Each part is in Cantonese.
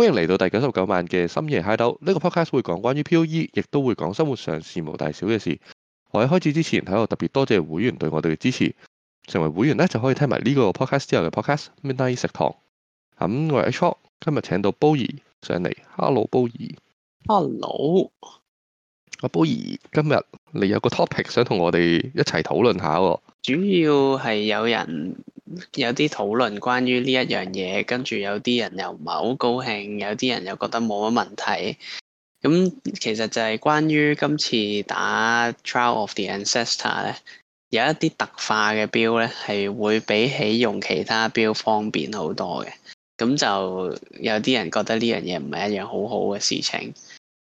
歡迎嚟到第九十九晚嘅深夜嗨豆呢個 podcast 會講關於 P O E，亦都會講生活上事無大小嘅事。我喺開始之前喺度特別多謝會員對我哋嘅支持。成為會員咧就可以聽埋呢個 podcast 之後嘅 podcast。Midnight 食堂。咁我哋今日請到波兒上嚟。Hello，波兒。Hello。阿波兒，今日你有個 topic 想同我哋一齊討論下喎。主要係有人有啲討論關於呢一樣嘢，跟住有啲人又唔係好高興，有啲人又覺得冇乜問題。咁其實就係關於今次打 Trial of the Ancestor 咧，有一啲特化嘅標咧，係會比起用其他標方便好多嘅。咁就有啲人覺得呢樣嘢唔係一樣好好嘅事情，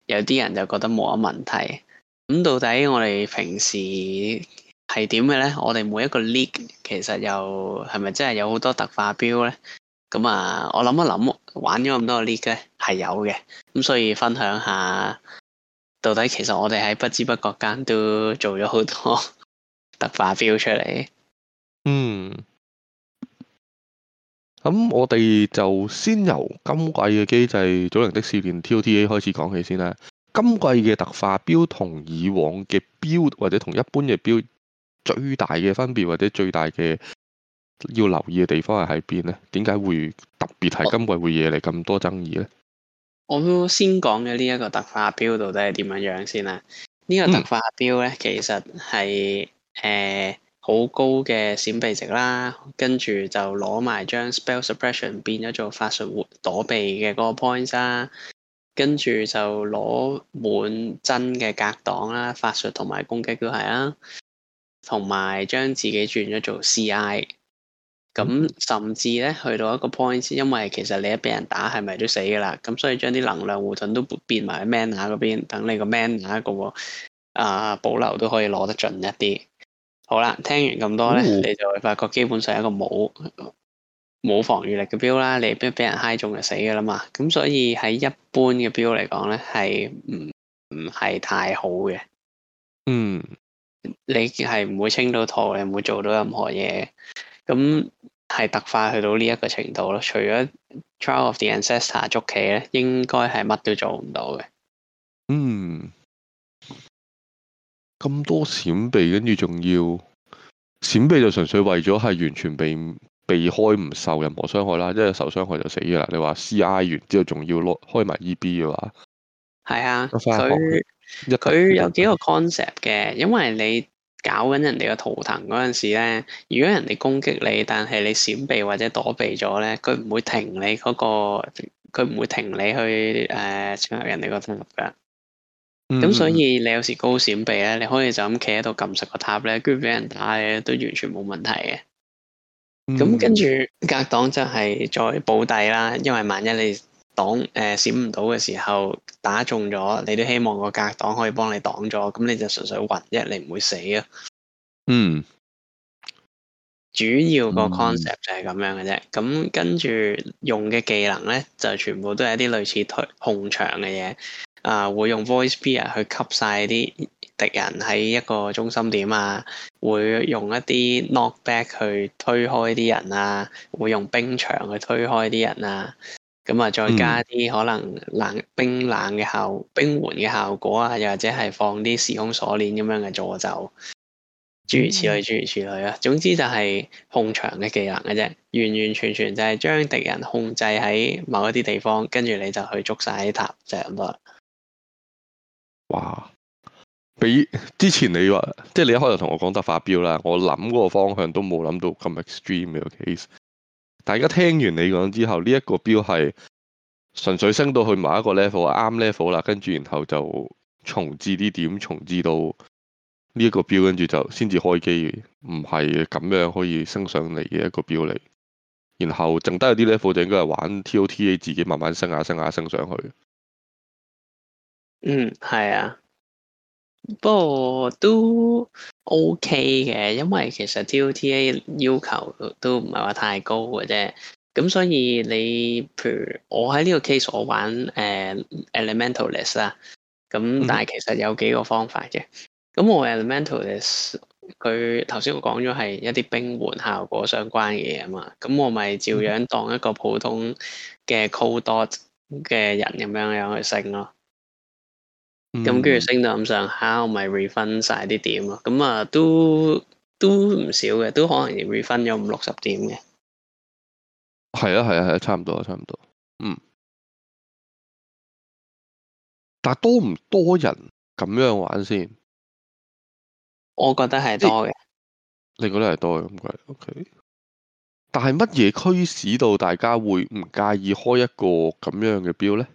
有啲人就覺得冇乜問題。咁到底我哋平時係點嘅呢？我哋每一個 league 其實又係咪真係有好多特化 Build 呢？咁啊，我諗一諗，玩咗咁多個 league 咧，係有嘅。咁所以分享下，到底其實我哋喺不知不覺間都做咗好多特化 Build 出嚟。嗯，咁我哋就先由今季嘅機制祖先嘅試練 TOTA 開始講起先啦。今季嘅特化 Build 同以往嘅 Build 或者同一般嘅 Build。最大嘅分別或者最大嘅要留意嘅地方係喺邊呢？點解會特別係今季會惹嚟咁多爭議呢？我先講嘅呢一個特化標到底係點樣樣先啦？呢個特化標呢，其實係誒好高嘅閃避值啦，跟住就攞埋張 Spell Suppression 變咗做法術躲避嘅嗰個 point 啦，跟住就攞滿真嘅格擋啦，法術同埋攻擊都係啦。同埋將自己轉咗做 CI，咁、嗯、甚至咧去到一個 point，因為其實你一俾人打係咪都死噶啦，咁所以將啲能量護盾都變埋喺 man 下嗰邊，等你 man、嗰個 man 下個喎，啊保留都可以攞得盡一啲。好啦，聽完咁多咧，嗯、你就會發覺基本上一個冇冇防禦力嘅標啦，你一俾人 hi 中就死噶啦嘛，咁所以喺一般嘅標嚟講咧，係唔唔係太好嘅。嗯。你係唔會清到台，你唔會做到任何嘢，咁係特化去到呢一個程度咯。除咗《Trial of the Ancestor》捉棋咧，應該係乜都做唔到嘅。嗯，咁多閃避，跟住仲要閃避，就純粹為咗係完全避避開唔受任何傷害啦。因為受傷害就死嘅啦。你話 C.I. 完之後仲要攞開埋 E.B. 嘅話，係啊，所佢有幾個 concept 嘅，因為你搞緊人哋個圖騰嗰陣時咧，如果人哋攻擊你，但係你閃避或者躲避咗咧，佢唔會停你嗰、嗰個，佢唔會停你去誒、呃、進入人哋個塔入噶。咁所以你有時高閃避咧，你可以就咁企喺度撳實個塔咧，跟住俾人打你都完全冇問題嘅。咁跟住格擋就係再保底啦，因為萬一你擋誒、呃、閃唔到嘅時候打中咗，你都希望個格擋可以幫你擋咗，咁你就純粹暈啫，你唔會死啊。嗯，主要個 concept 就係咁樣嘅啫。咁、嗯、跟住用嘅技能呢，就全部都係一啲類似推控場嘅嘢啊。會用 voice beam 去吸晒啲敵人喺一個中心點啊。會用一啲 knockback 去推開啲人啊。會用冰牆去推開啲人啊。咁啊，嗯、再加啲可能冰冷嘅效果，冰緩嘅效果啊，又或者係放啲時空鎖鏈咁樣嘅詛咒，諸如此類諸如此類啊。總之就係控場嘅技能嘅啫，完完全全就係將敵人控制喺某一啲地方，跟住你就去捉晒啲塔，就咁多啦。哇！比之前你話，即係你一開頭同我講得發飆啦，我諗嗰個方向都冇諗到咁 extreme 嘅 case。大家聽完你講之後，呢一個標係純粹升到去某一個 level，啱 level 啦，跟住然後就重置啲點，重置到呢一個標，跟住就先至開機。唔係咁樣可以升上嚟嘅一個標嚟。然後剩低嗰啲 level 就應該係玩 TOTA，自己慢慢升下升下升上去。嗯，係啊。不過都 OK 嘅，因為其實 TOTA 要求都唔係話太高嘅啫。咁所以你譬如我喺呢個 case，我玩誒、呃、Elementalist 啦。咁但係其實有幾個方法嘅。咁、嗯、我 Elementalist 佢頭先我講咗係一啲冰緩效果相關嘅嘢啊嘛。咁我咪照樣當一個普通嘅 Cold DoT 嘅人咁樣樣去升咯、啊。咁跟住升到咁上下，啊，我咪 refund 晒啲點咯。咁啊，都都唔少嘅，都可能 refund 咗五六十點嘅。係啊，係啊，係啊，差唔多，差唔多。嗯。但係多唔多人咁樣玩先？我覺得係多嘅。你覺得係多嘅咁計？OK。但係乜嘢驅使到大家會唔介意開一個咁樣嘅 Build 咧？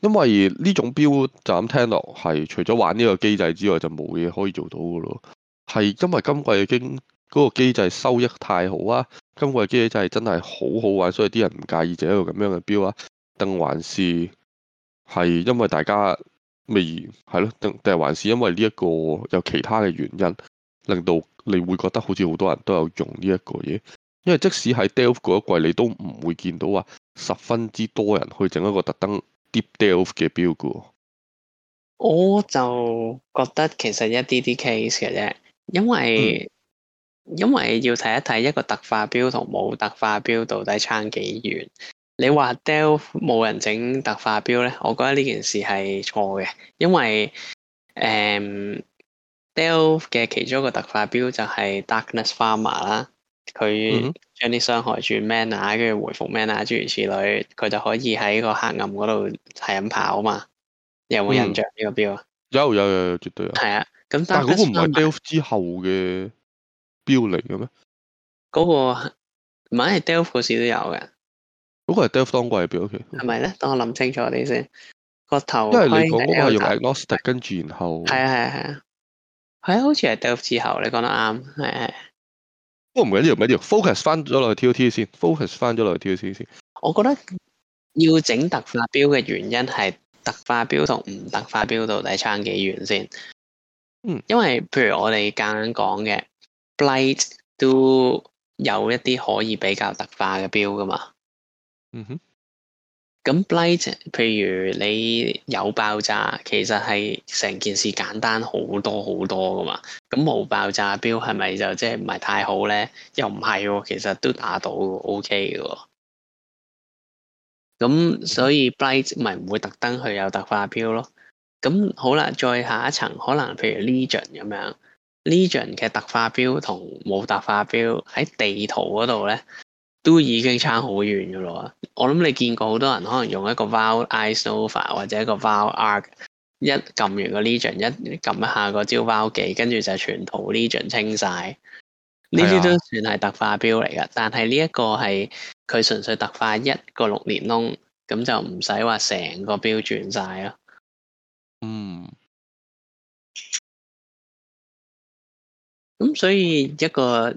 因為呢種標就咁聽落係，除咗玩呢個機制之外，就冇嘢可以做到㗎咯。係因為今季已經嗰個機制收益太好啊，今季嘅機制真係好好玩，所以啲人唔介意整一個咁樣嘅標啊。定還是係因為大家未係咯？定定還是因為呢一個有其他嘅原因，令到你會覺得好似好多人都有用呢一個嘢。因為即使喺 Delta 嗰一季，你都唔會見到話十分之多人去整一個特登。Deep delve 嘅標股，我就覺得其實一啲啲 case 嘅啫，因為、嗯、因為要睇一睇一個特化標同冇特化標到底差幾遠。你話 Delve 冇人整特化標咧，我覺得呢件事係錯嘅，因為誒、嗯、Delve 嘅其中一個特化標就係 Darkness Farmer 啦。佢將啲傷害轉 mana，跟住回復 mana，諸如此類，佢就可以喺個黑暗嗰度係咁跑嘛。有冇印象呢個標啊、嗯？有有有，絕對有。係啊，咁但係嗰個唔係 Delve 之後嘅標嚟嘅咩？嗰、嗰個唔係，係 Delve 時都有嘅。嗰個係 Delve 當季標，係咪咧？等我諗清楚你先。個頭盔係用 agnostic，站跟住然後係啊係係啊，係啊，啊，啊，好似係 Delve 之後，你講得啱，係係、啊。都唔、哦、緊要，唔緊要。focus 翻咗落去 T.O.T. 先，focus 翻咗落去 T.O.T. 先。我覺得要整特化標嘅原因係特化標同唔特化標到底差幾遠先。嗯，因為譬如我哋啱啱講嘅 Blade 都有一啲可以比較特化嘅標㗎嘛。嗯哼。咁 Blight 譬如你有爆炸，其實係成件事簡單好多好多噶嘛。咁冇爆炸標係咪就即係唔係太好咧？又唔係喎，其實都打到，O K 嘅。咁、OK、所以 Blight 咪唔會特登去有特化標咯。咁好啦，再下一層，可能譬如 Legion 咁樣，Legion 嘅特化標同冇特化標喺地圖嗰度咧。都已經差好遠噶咯，我諗你見過好多人可能用一個 Val Ice Nova 或者一個 Val Arc 一撳完個 Legion 一撳一下個招包技，跟住就全圖 Legion 清晒。呢啲都算係特化 Build 嚟噶，但係呢一個係佢純粹特化一個六連窿，咁就唔使話成個 Build 轉晒咯。嗯，咁所以一個。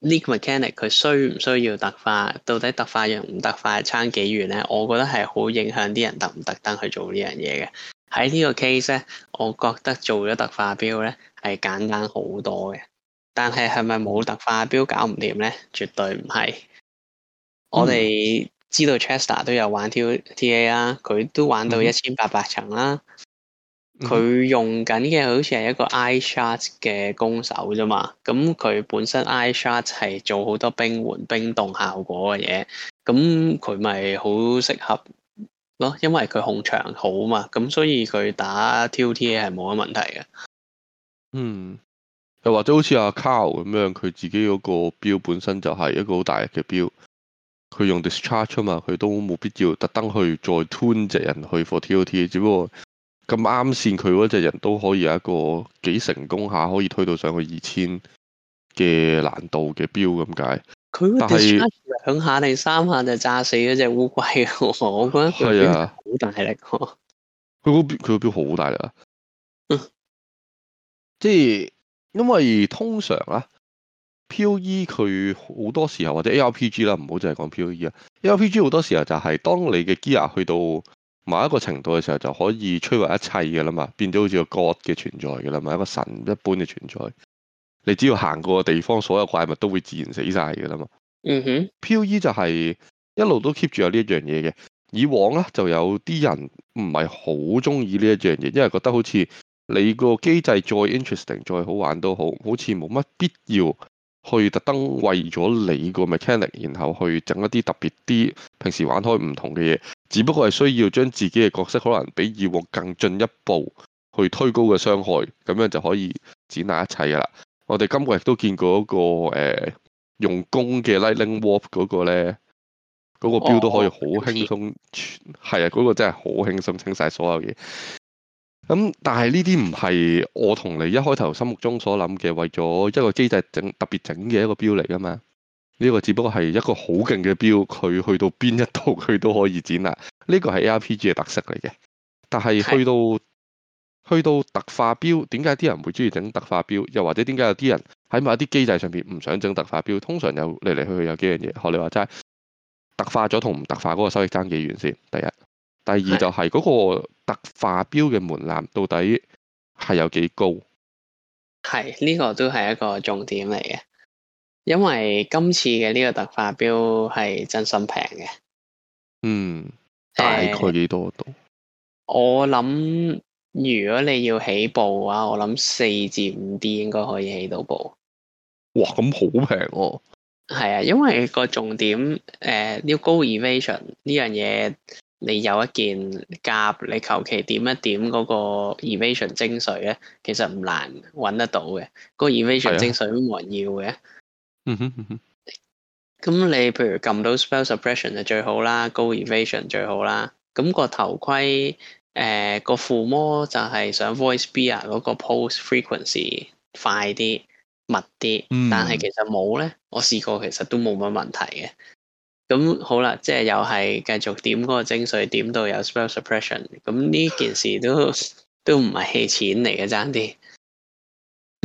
呢個 mechanic 佢需唔需要特化？到底特化樣唔特化差幾遠咧？我覺得係好影響啲人特唔特登去做呢樣嘢嘅。喺呢個 case 咧，我覺得做咗特化標咧係簡單好多嘅。但係係咪冇特化標搞唔掂咧？絕對唔係。嗯、我哋知道 Chester 都有玩 T T A 啦，佢都玩到一千八百層啦。嗯佢、嗯、用緊嘅好似係一個 eye shot 嘅弓手啫嘛，咁佢本身 eye shot 係做好多冰緩、冰凍效果嘅嘢，咁佢咪好適合咯，因為佢控場好嘛，咁所以佢打 TOTA 係冇乜問題嘅。嗯，又或者好似阿 Carl 咁樣，佢自己嗰個標本身就係一個好大嘅標，佢用 discharge 嘛，佢都冇必要特登去再 tune 隻人去 for TOTA，只不過。咁啱線佢嗰隻人都可以有一個幾成功下，可以推到上去二千嘅難度嘅標咁解。佢第三下，你是三下就炸死嗰隻烏龜喎！ 我覺得係啊，好、那個、大力喎。佢嗰標，佢嗰標好大力啊！即係因為通常啊 P.O.E 佢好多時候或者 A.R.P.G 啦，唔好淨係講 P.O.E 啊，A.R.P.G 好多時候就係當你嘅 gear 去到。某一個程度嘅時候，就可以摧毀一切嘅啦嘛，變咗好似個 God 嘅存在嘅啦嘛，一個神一般嘅存在。你只要行過個地方，所有怪物都會自然死晒嘅啦嘛。嗯哼。PoE 就係一路都 keep 住有呢一樣嘢嘅。以往咧，就有啲人唔係好中意呢一樣嘢，因為覺得好似你個機制再 interesting、再好玩都好，好似冇乜必要去特登為咗你個 mechanic，然後去整一啲特別啲，平時玩開唔同嘅嘢。只不過係需要將自己嘅角色可能比以往更進一步去推高嘅傷害，咁樣就可以展大一切噶啦。我哋今季都見過一個誒、呃、用弓嘅 Lightning Warp 嗰個咧，嗰、那個標都可以好輕鬆，係啊、哦、嗯，那個真係好輕鬆，清晒所有嘢。咁、嗯、但係呢啲唔係我同你一開頭心目中所諗嘅，為咗一個機制特別整特別整嘅一個標嚟噶嘛。呢個只不過係一個好勁嘅 Build，佢去到邊一度佢都可以展啦。呢個係 ARPG 嘅特色嚟嘅。但係去到是的 去到特化 Build，點解啲人會中意整特化 Build？又或者點解有啲人喺某一啲機制上邊唔想整特化 Build？通常有嚟嚟去去有幾樣嘢。學你話齋，特化咗同唔特化嗰個收益爭幾遠先？第一，第二就係嗰個特化 Build 嘅門檻到底係有幾高？係呢個都係一個重點嚟嘅。因為今次嘅呢個特化標係真心平嘅，嗯，大概幾多度？欸、我諗如果你要起步嘅話，我諗四至五 D 應該可以起到步。哇，咁好平喎！係啊，因為個重點誒，呢、呃、個高 evasion 呢樣嘢，你有一件夾，你求其點一點嗰個 evasion 精髓咧，其實唔難揾得到嘅。嗰、那個 evasion 精髓都冇人要嘅。嗯，咁你譬如撳到 spell suppression 就最好啦，高 evasion 最好啦。咁、個頭盔誒個附魔就係想 voice be 啊嗰個 pulse frequency 快啲密啲，但係其實冇咧，嗯、我試過其實都冇乜問題嘅。咁好啦，即係又係繼續點嗰個精髓，點到有 spell suppression。咁呢件事都都唔係氣錢嚟嘅，爭啲。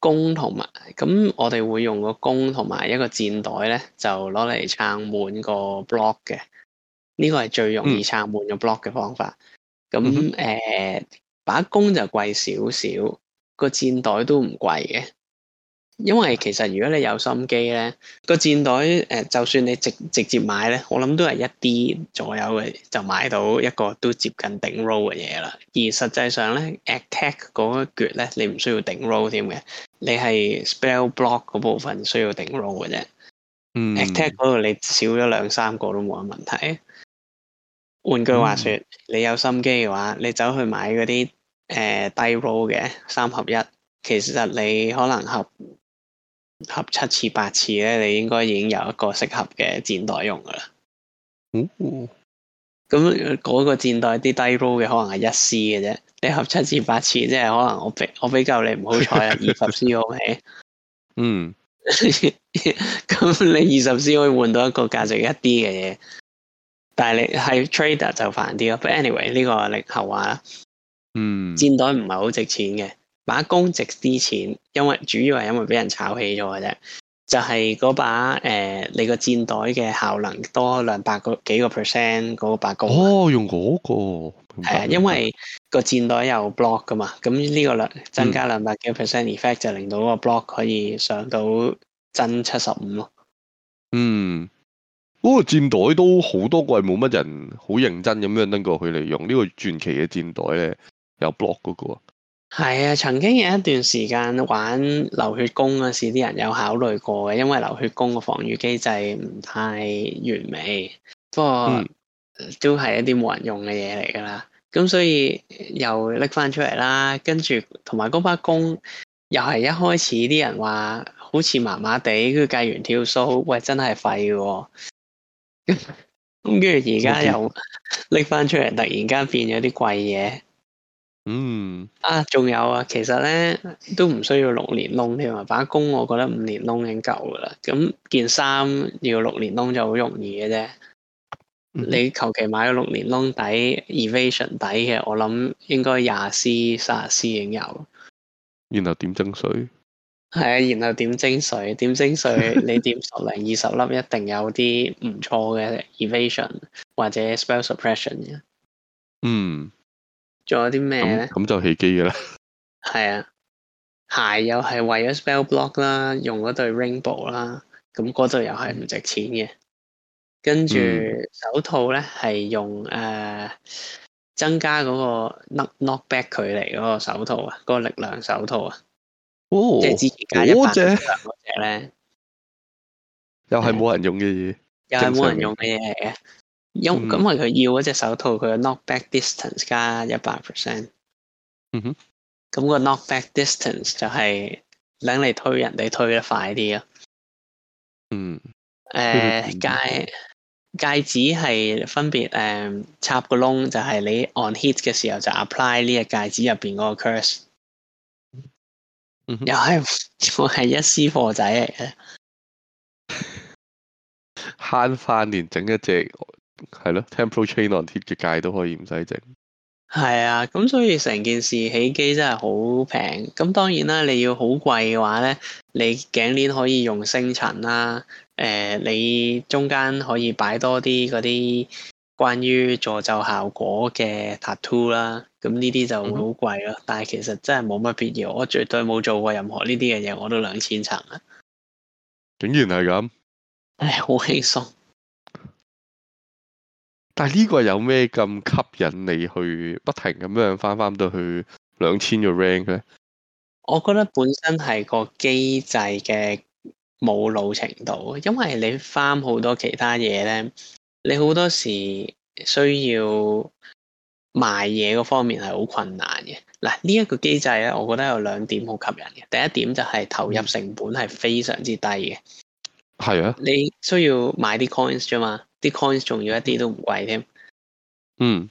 弓同埋咁，我哋會用個弓同埋一個箭袋咧，就攞嚟撐滿個 block 嘅。呢、這個係最容易撐滿個 block 嘅方法。咁誒、嗯，把、呃、弓就貴少少，個箭袋都唔貴嘅。因為其實如果你有心機咧，個戰隊誒，就算你直直接買咧，我諗都係一啲左右嘅就買到一個都接近頂 roll 嘅嘢啦。而實際上咧，attack 嗰一橛咧，你唔需要頂 roll 添嘅，你係 spell block 嗰部分需要頂 roll 嘅啫。嗯、mm.。attack 嗰度你少咗兩三個都冇乜問題。換句話說，mm. 你有心機嘅話，你走去買嗰啲誒低 roll 嘅三合一，其實你可能合，合七次八次咧，你應該已經有一個適合嘅箭袋用噶啦。咁嗰、嗯嗯、個箭袋啲低路嘅可能係一 c 嘅啫。你合七次八次，即係可能我比我比較你唔好彩啊，二十 c 好未？嗯，咁 你二十 c 可以換到一個價值一啲嘅嘢，但係你係 trader 就煩啲咯。But anyway 呢個你後話啦。嗯，箭袋唔係好值錢嘅。把弓值啲錢，因為主要係因為俾人炒起咗嘅啫，就係、是、嗰把誒、呃，你個箭袋嘅效能多兩百個幾個 percent 嗰把弓。哦，用嗰、那個係啊，因為個箭袋有 block 噶嘛，咁呢個兩增加兩百幾個 percent effect、嗯、就令到個 block 可以上到增七十五咯。嗯，嗰、那個箭袋都好多季冇乜人好認真咁樣拎過去嚟用，呢個傳奇嘅箭袋咧有 block 嗰、那個啊。係啊，曾經有一段時間玩流血弓嗰時，啲人有考慮過嘅，因為流血弓個防禦機制唔太完美，不過都係一啲冇人用嘅嘢嚟噶啦。咁、嗯、所以又拎翻出嚟啦，跟住同埋嗰把弓又係一開始啲人話好似麻麻地，跟住計完跳數，喂，真係廢嘅。咁跟住而家又拎翻出嚟，突然間變咗啲貴嘢。嗯啊，仲有啊，其實咧，都唔需要六連窿添啊，打工，我覺得五連窿已經夠噶啦。咁件衫要六連窿就好容易嘅啫，嗯、你求其買咗六連窿底 evasion 底嘅，我諗應該廿 c、卅 c 已經有。然後點蒸水？係啊，然後點蒸水？點蒸水？ 你點十零二十粒，一定有啲唔錯嘅 evasion 或者 spell suppression 嘅。嗯。仲有啲咩咧？咁就起機嘅啦。係啊，鞋又係為咗 spell block 啦，用嗰對 rainbow 啦。咁嗰對又係唔值錢嘅。跟住手套咧，係用誒增加嗰個 knock knock back 距離嗰個手套啊，嗰個力量手套啊。哦。即係之前加一磅力量嗰隻咧，又係冇人用嘅嘢。又係冇人用嘅嘢嚟嘅。因咁，因為佢要嗰隻手套，佢 knockback distance 加一百 percent。咁個 knockback distance 就係等嚟，推人哋推得快啲咯。嗯。誒，戒戒指係分別誒插個窿，就係你 on hit 嘅時候就 apply 呢隻戒指入邊嗰個 curse。嗯。又係我係一私貨仔嚟嘅。慳翻連整一隻。係咯，Temporal Chain on Hit 嘅戒都可以唔使整。係啊，咁所以成件事起機真係好平。咁當然啦，你要好貴嘅話咧，你頸鏈可以用星塵啦，誒、呃，你中間可以擺多啲嗰啲關於詛咒效果嘅 tattoo 啦。咁呢啲就會好貴咯。但係其實真係冇乜必要，我絕對冇做過任何呢啲嘅嘢，我都兩千層啊。竟然係咁，唉，好輕鬆。但係呢個有咩咁吸引你去不停咁樣翻翻到去兩千個 rank 咧？我覺得本身係個機制嘅冇腦程度，因為你翻好多其他嘢咧，你好多時需要賣嘢嗰方面係好困難嘅。嗱，呢一個機制咧，我覺得有兩點好吸引嘅。第一點就係投入成本係非常之低嘅，係啊，你需要買啲 coins 啫嘛。啲 coins 仲要一啲都唔貴添，嗯，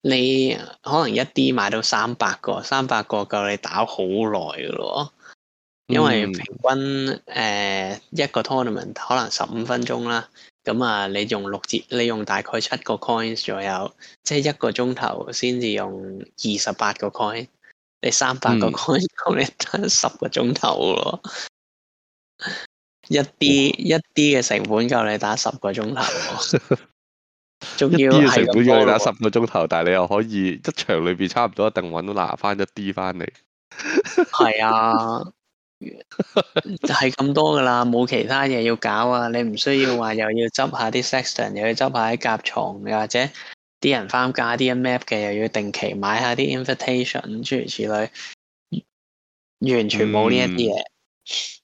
你可能一啲買到三百個，三百個夠你打好耐㗎咯，因為平均誒、嗯呃、一個 tournament 可能十五分鐘啦，咁啊你用六折，你用大概七個 coins 左右，即係一個鐘頭先至用二十八個 coin，你三百個 coin 夠你得十個鐘頭咯。嗯 一啲一啲嘅成本夠你打十個鐘頭，仲要啲成本夠你打十個鐘頭， 但係你又可以一場裏邊差唔多一定搵到拿翻一啲翻嚟。係 啊，就係、是、咁多噶啦，冇其他嘢要搞啊！你唔需要話又要執下啲 section，又要執下啲甲蟲，又或者啲人翻加啲 map 嘅，又要定期買下啲 invitation，諸如此類，完全冇呢一啲嘢。嗯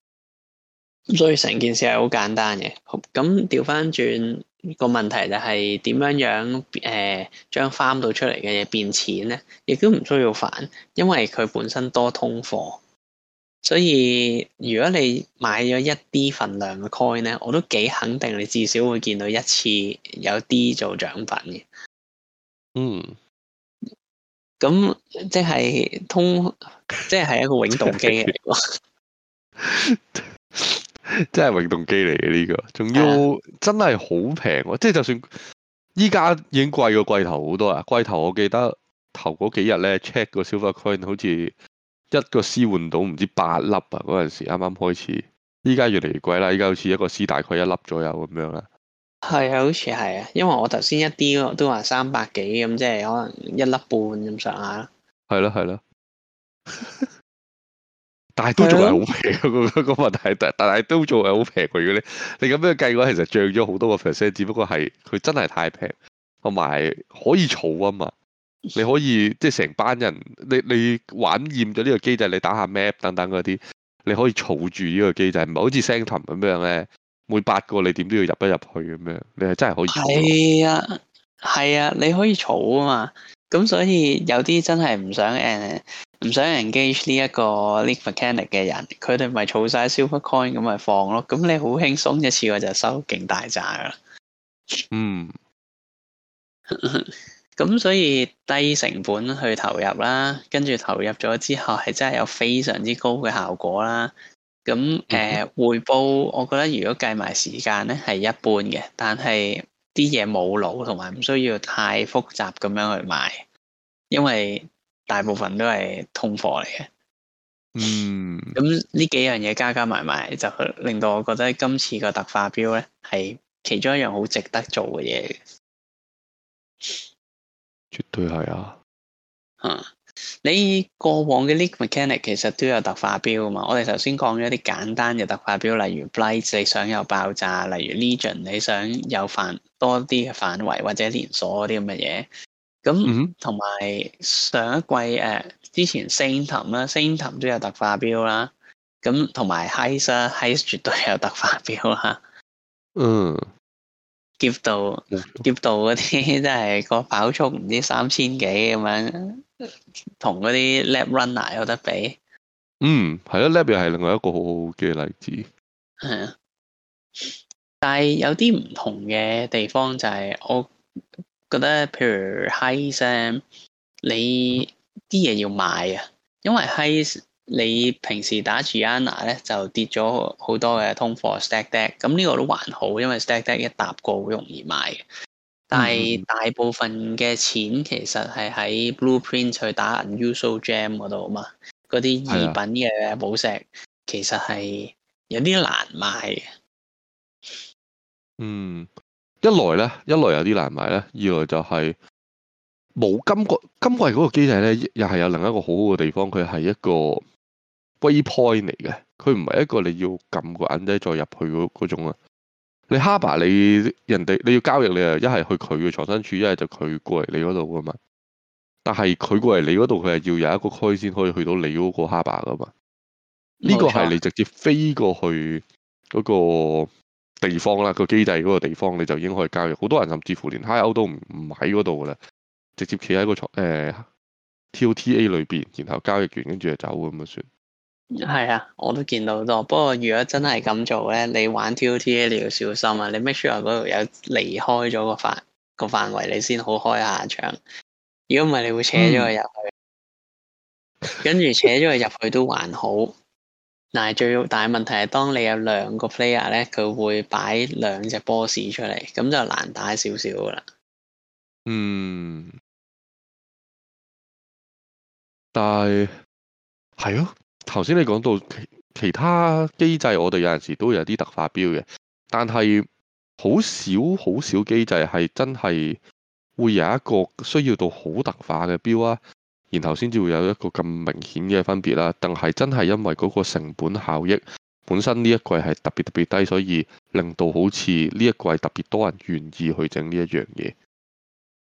所以成件事係好簡單嘅，咁調翻轉個問題就係點樣樣誒，將、呃、farm 到出嚟嘅嘢變錢咧，亦都唔需要煩，因為佢本身多通貨，所以如果你買咗一啲份量嘅 coin 咧，我都幾肯定你至少會見到一次有啲做獎品嘅。嗯，咁即係通，即係一個永動機嚟。 真係永動機嚟嘅呢個，仲要，uh, 真係好平，即係就算依家已經貴過季頭好多啦。季頭我記得頭嗰幾日咧 check 個消化 coin，好似一個 C 換到唔知八粒啊，嗰陣時啱啱開始。依家越嚟越貴啦，依家好似一個 C 大概一粒左右咁樣啦。係啊，好似係啊，因為我頭先一啲都話三百幾咁，即係可能一粒半咁上下。係咯係咯。 但係都仲係好平，個個個問題，但但係都做係好平佢嘅咧。你咁樣計嘅話，其實漲咗好多個 percent，只不過係佢真係太平，同埋可以儲啊嘛。你可以即係成班人，你你玩厭咗呢個機制，你打下 map 等等嗰啲，你可以儲住呢個機制，唔係好似 Sanctum 咁樣咧，每八個你點都要入一入去咁樣，你係真係可以儲。係啊，係啊，你可以儲啊嘛。咁所以有啲真係唔想誒唔想 engage 呢一個 league mechanic 嘅人，佢哋咪儲曬 super coin 咁咪放咯。咁你好輕鬆一次我就收勁大扎啦。嗯，咁所以低成本去投入啦，跟住投入咗之後係真係有非常之高嘅效果啦。咁誒回報，我覺得如果計埋時間咧係一般嘅，但係。啲嘢冇腦，同埋唔需要太複雜咁樣去買，因為大部分都係通貨嚟嘅。嗯，咁呢幾樣嘢加加埋埋，就令到我覺得今次個特化標咧，係其中一樣好值得做嘅嘢。絕對係啊！嗯。 你過往嘅 League mechanic 其實都有特化標啊嘛。我哋頭先講咗一啲簡單嘅特化標，例如 Blight 你想有爆炸，例如 Legion 你想有範多啲嘅範圍或者連鎖嗰啲咁嘅嘢。咁同埋上一季誒、啊、之前 Sanctum 啦 Sanctum 都有特化標啦。咁同埋 Heist，Heist 絕對有特化標啊。嗯、mm.，劫道劫道嗰啲即係個跑速唔知三千幾咁樣。同嗰啲 lab runner 有得比？嗯，係咯，lab 又係另外一個好好嘅例子。係啊、嗯，但係有啲唔同嘅地方就係，我覺得譬如 Heist，你啲嘢要買啊，因為 Heist 你平時打住 a n a 咧就跌咗好多嘅通貨 stack deck，咁呢個都還好，因為 stack deck 一搭過好容易買。但係大部分嘅錢其實係喺 blueprint 去打 unusual gem 嗰度啊嘛，嗰啲二品嘅寶石其實係有啲難賣嘅。嗯，一來咧，一來有啲難賣咧；二來就係冇金貴金貴嗰個機制咧，又係有另一個好好嘅地方，佢係一個 way point 嚟嘅，佢唔係一個你要撳個銀仔再入去嗰種啊。你哈巴你人哋你要交易，你啊一係去佢嘅藏身處，一係就佢過嚟你嗰度噶嘛。但係佢過嚟你嗰度，佢係要有一個區先可以去到你嗰個哈巴噶嘛。呢、這個係你直接飛過去嗰個地方啦，個基地嗰個地方你就已經可以交易。好多人甚至乎連哈歐都唔唔喺嗰度噶啦，直接企喺個誒、呃、T O T A 裏邊，然後交易完跟住就走咁樣算。係啊，我都見到好多。不過如果真係咁做咧，你玩 TOTA 你要小心啊。你 make sure 嗰度有離開咗個範個範圍，你先好開下場。如果唔係，你會扯咗佢入去，嗯、 跟住扯咗佢入去都還好。但係最大問題係，當你有兩個 player 咧，佢會擺兩隻 boss 出嚟，咁就難打少少噶啦。嗯，但係係咯。頭先你講到其其他機制，我哋有陣時都有啲特化標嘅，但係好少好少機制係真係會有一個需要到好特化嘅標啊，然後先至會有一個咁明顯嘅分別啦。定係真係因為嗰個成本效益本身呢一季係特別特別低，所以令到好似呢一季特別多人願意去整呢一樣嘢。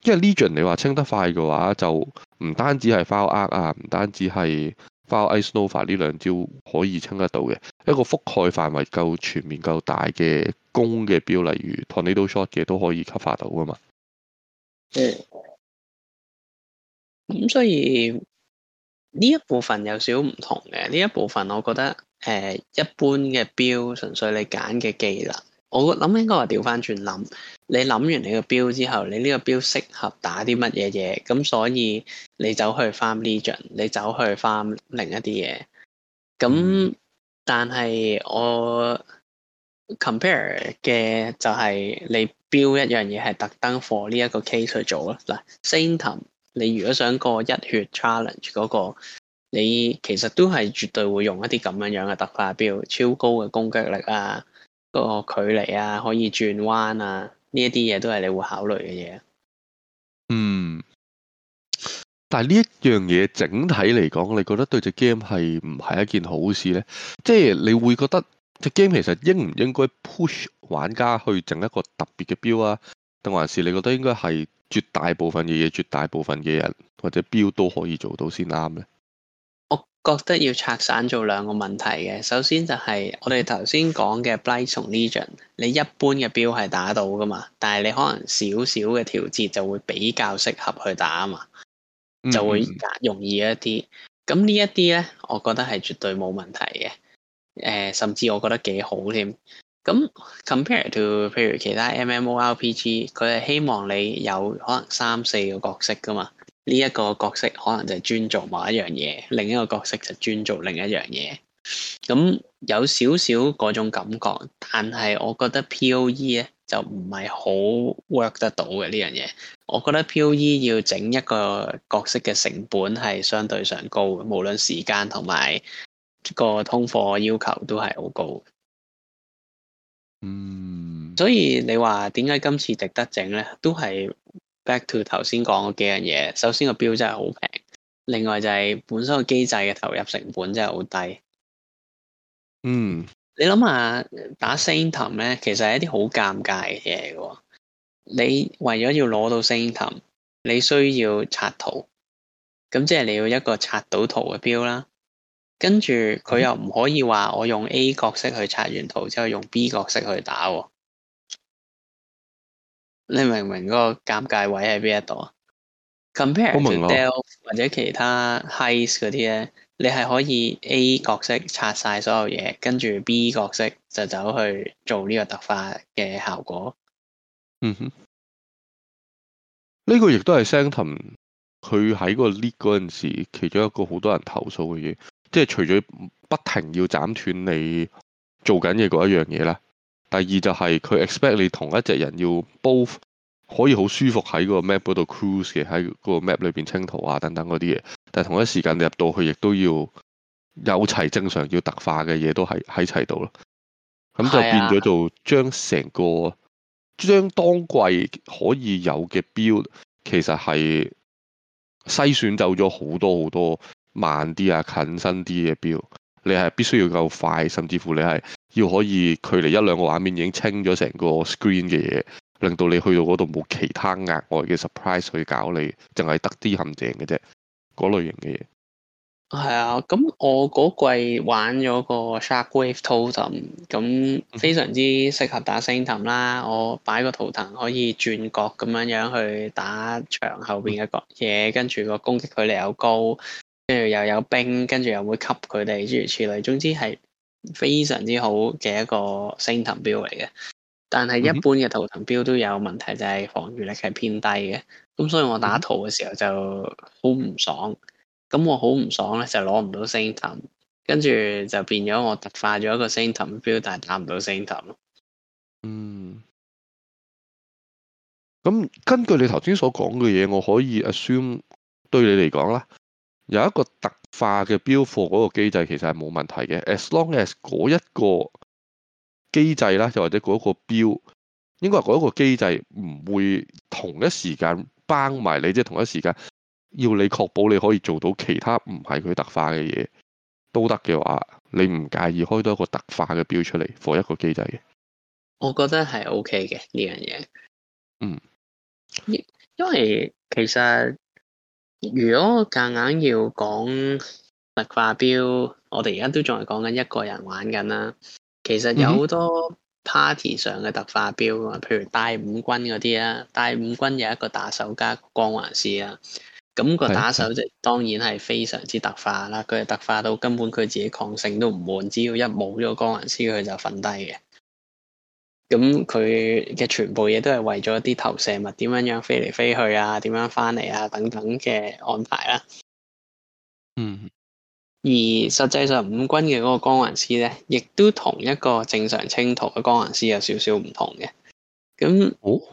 因為 Legion 你話清得快嘅話，就唔單止係爆額啊，唔單止係。包 ice nova 呢兩招可以撐得到嘅，一個覆蓋範圍夠全面夠大嘅攻嘅標，例如 tornado shot 嘅都可以吸 o 到噶嘛。咁、嗯、所以呢一部分有少唔同嘅，呢一部分我覺得誒、呃、一般嘅標，純粹你揀嘅技能。我諗應該話調翻轉諗，你諗完你個 Build 之後，你呢個 Build 適合打啲乜嘢嘢？咁所以你走去翻 Legion，你走去翻另一啲嘢。咁、嗯、但係我 compare 嘅就係你 Build 一樣嘢係特登 for 呢一個 case 去做咯。嗱，Sanctum 你如果想過一血 challenge 嗰、那個，你其實都係絕對會用一啲咁樣樣嘅特化 Build，超高嘅攻擊力啊！個距離啊，可以轉彎啊，呢一啲嘢都係你會考慮嘅嘢。嗯，但係呢一樣嘢整體嚟講，你覺得對隻 game 係唔係一件好事呢？即係你會覺得隻 game 其實應唔應該 push 玩家去整一個特別嘅 Build 啊？定還是你覺得應該係絕大部分嘅嘢，絕大部分嘅人或者 Build 都可以做到先啱呢？覺得要拆散做兩個問題嘅，首先就係我哋頭先講嘅 Blight 同 Legion，你一般嘅標係打到噶嘛，但係你可能少少嘅調節就會比較適合去打啊嘛，就會容易一啲。咁、嗯、呢一啲咧，我覺得係絕對冇問題嘅。誒、呃，甚至我覺得幾好添。咁 compare to 譬如其他 MMORPG，佢係希望你有可能三四個角色噶嘛。呢一個角色可能就係專做某一樣嘢，另一個角色就專做另一樣嘢。咁有少少嗰種感覺，但係我覺得 P.O.E 咧就唔係好 work 得到嘅呢樣嘢。我覺得 P.O.E 要整一個角色嘅成本係相對上高嘅，無論時間同埋個通貨要求都係好高。嗯。所以你話點解今次值得整咧，都係？Back to 頭先講嗰幾樣嘢，首先個標真係好平，另外就係本身個機制嘅投入成本真係好低。嗯、mm.，你諗下打 Sanctum、um, 其實係一啲好尷尬嘅嘢嚟嘅喎。你為咗要攞到 Sanctum，你需要刷圖，咁即係你要一個刷到圖嘅標啦。跟住佢又唔可以話我用 A 角色去刷完圖之後用 B 角色去打喎。你明唔明嗰個尷尬位喺邊一度啊？Compare to Delve 或者其他 Heist 嗰啲咧，你係可以 A 角色拆晒所有嘢，跟住 B 角色就走去做呢個突發嘅效果。嗯哼。呢個亦都係 Sentinel 佢喺個 League 嗰陣時，其中一個好多人投訴嘅嘢，即係除咗不停要斬斷你做緊嘅嗰一樣嘢啦。第二就係佢 expect 你同一隻人要 both 可以好舒服喺嗰個 map 嗰度 cruise 嘅，喺嗰個 map 裏邊清圖啊等等嗰啲嘢。但係同一時間你入到去，亦都要有齊正常要特化嘅嘢都係喺齊度咯。咁就變咗做將成個是、啊、將當季可以有嘅 build，其實係篩選走咗好多好多慢啲啊、近身啲嘅 build。你係必須要夠快，甚至乎你係。要可以距離一兩個畫面已經清咗成個 screen 嘅嘢，令到你去到嗰度冇其他額外嘅 surprise 去搞你，淨係得啲陷阱嘅啫，嗰類型嘅嘢。係啊，咁我嗰季玩咗個 Shockwave Totem，咁非常之適合打升騰啦。 我擺個圖騰可以轉角咁樣樣去打牆後邊嘅角嘢，跟住個攻擊距離又高，跟住又有兵，跟住又會吸佢哋，諸如此類。總之係。非常之好嘅一個升氹標嚟嘅，但係一般嘅圖騰標都有問題，就係、是、防禦力係偏低嘅。咁所以我打圖嘅時候就好唔爽，咁我好唔爽咧就攞唔到升氹。跟住就變咗我特化咗一個升氹標，但係打唔到升氹。咯。嗯，咁根據你頭先所講嘅嘢，我可以 assume 對你嚟講啦。有一個特化嘅 Build for 嗰個機制其實係冇問題嘅，as long as 嗰一個機制啦，就或者嗰一個 Build，應該話嗰一個機制唔會同一時間綁埋你，即係同一時間要你確保你可以做到其他唔係佢特化嘅嘢都得嘅話，你唔介意開多一個特化嘅 Build 出嚟 for 一個機制嘅。我覺得係 OK 嘅呢樣嘢。這個、嗯。因因為其實。如果夾硬，硬要講特化 Build，我哋而家都仲係講緊一個人玩緊啦。其實有好多 party 上嘅特化 Build 啊，譬如戴五軍嗰啲啊，戴五軍有一個打手加光環師啊。咁個打手即當然係非常之特化啦，佢係特化到根本佢自己抗性都唔滿，只要一冇咗個光環師，佢就瞓低嘅。咁佢嘅全部嘢都係為咗啲投射物點樣樣飛嚟飛去啊，點樣翻嚟啊等等嘅安排啦、啊。嗯。而實際上五軍嘅嗰個光環師咧，亦都同一個正常青銅嘅光環師有少少唔同嘅。咁，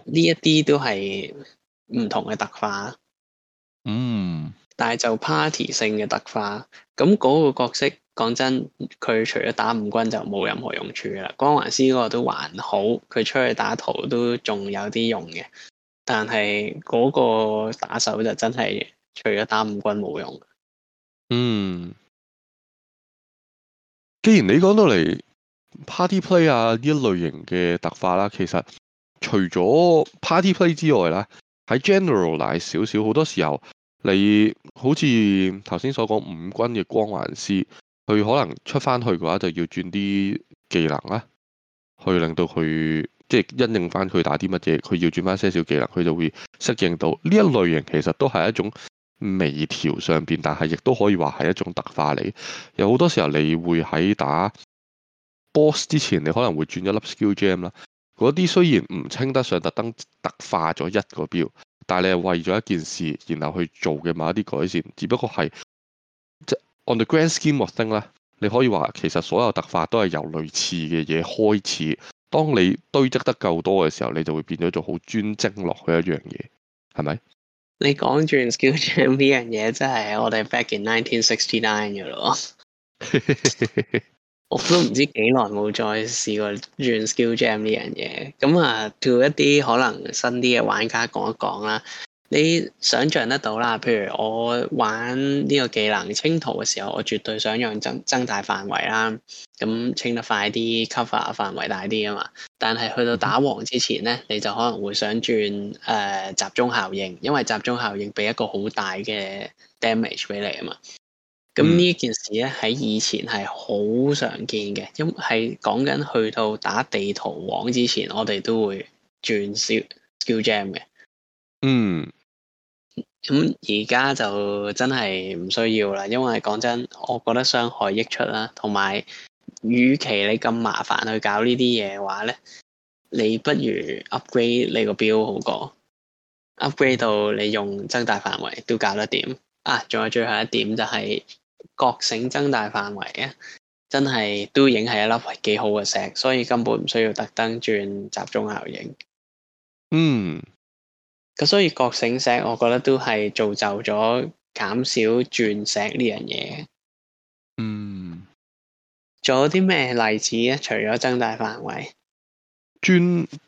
呢一啲都係唔同嘅特化。嗯。但係就 party 性嘅特化，咁嗰個角色。講真，佢除咗打五軍就冇任何用處噶啦。光環師嗰個都還好，佢出去打圖都仲有啲用嘅。但係嗰個打手就真係除咗打五軍冇用。嗯，既然你講到嚟 party play 啊呢一類型嘅特化啦，其實除咗 party play 之外啦，喺 general 嚟少少，好多時候你好似頭先所講五軍嘅光環師。佢可能出返去嘅話，就要轉啲技能啦，去令到佢即係因應返佢打啲乜嘢，佢要轉翻些少技能，佢就會適應到呢一類型。其實都係一種微調上面，但係亦都可以話係一種特化嚟。有好多時候你會喺打 boss 之前，你可能會轉一粒 skill gem 啦。嗰啲雖然唔稱得上特登特化咗一個標，但係你係為咗一件事，然後去做嘅某一啲改善，只不過係即 On the grand scheme of thing 咧，你可以話其實所有特化都係由類似嘅嘢開始。當你堆積得夠多嘅時候，你就會變咗做好專精落去一樣嘢，係咪？你講轉 Skill Jam 呢樣嘢真係我哋 back in 1969嘅咯。我都唔知幾耐冇再試過轉 Skill Jam 呢樣嘢。咁啊，對一啲可能新啲嘅玩家講一講啦。你想象得到啦，譬如我玩呢個技能清圖嘅時候，我絕對想讓增增大範圍啦，咁清得快啲，cover 範圍大啲啊嘛。但係去到打王之前咧，你就可能會想轉誒、呃、集中效應，因為集中效應俾一個好大嘅 damage 俾你啊嘛。咁呢件事咧，喺以前係好常見嘅，因係講緊去到打地圖王之前，我哋都會轉 skill skill jam 嘅。嗯，咁而家就真係唔需要啦，因為講真，我覺得傷害溢出啦，同埋，與其你咁麻煩去搞呢啲嘢嘅話咧，你不如 upgrade 你個 Build 好過，upgrade 到你用增大範圍都搞得掂。啊，仲有最後一點就係、是、覺醒增大範圍啊，真係都影係一粒幾好嘅石，所以根本唔需要特登轉集中效應。嗯。咁所以覺醒石，我覺得都係造就咗減少鑽石呢樣嘢。嗯。仲有啲咩例子咧？除咗增大範圍。鑽，誒、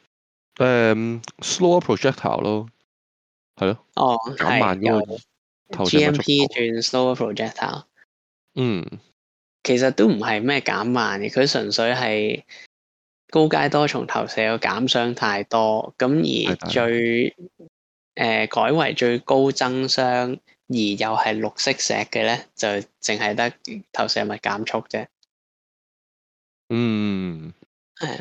呃、slower projectile 咯，係咯。哦，減慢嗰個。的 GMP 轉 slower projectile，嗯。其實都唔係咩減慢嘅，佢純粹係高階多重投射個減傷太多，咁而最。誒，改為最高增傷，而又係綠色石嘅咧，就淨係得投射物減速啫。嗯。係。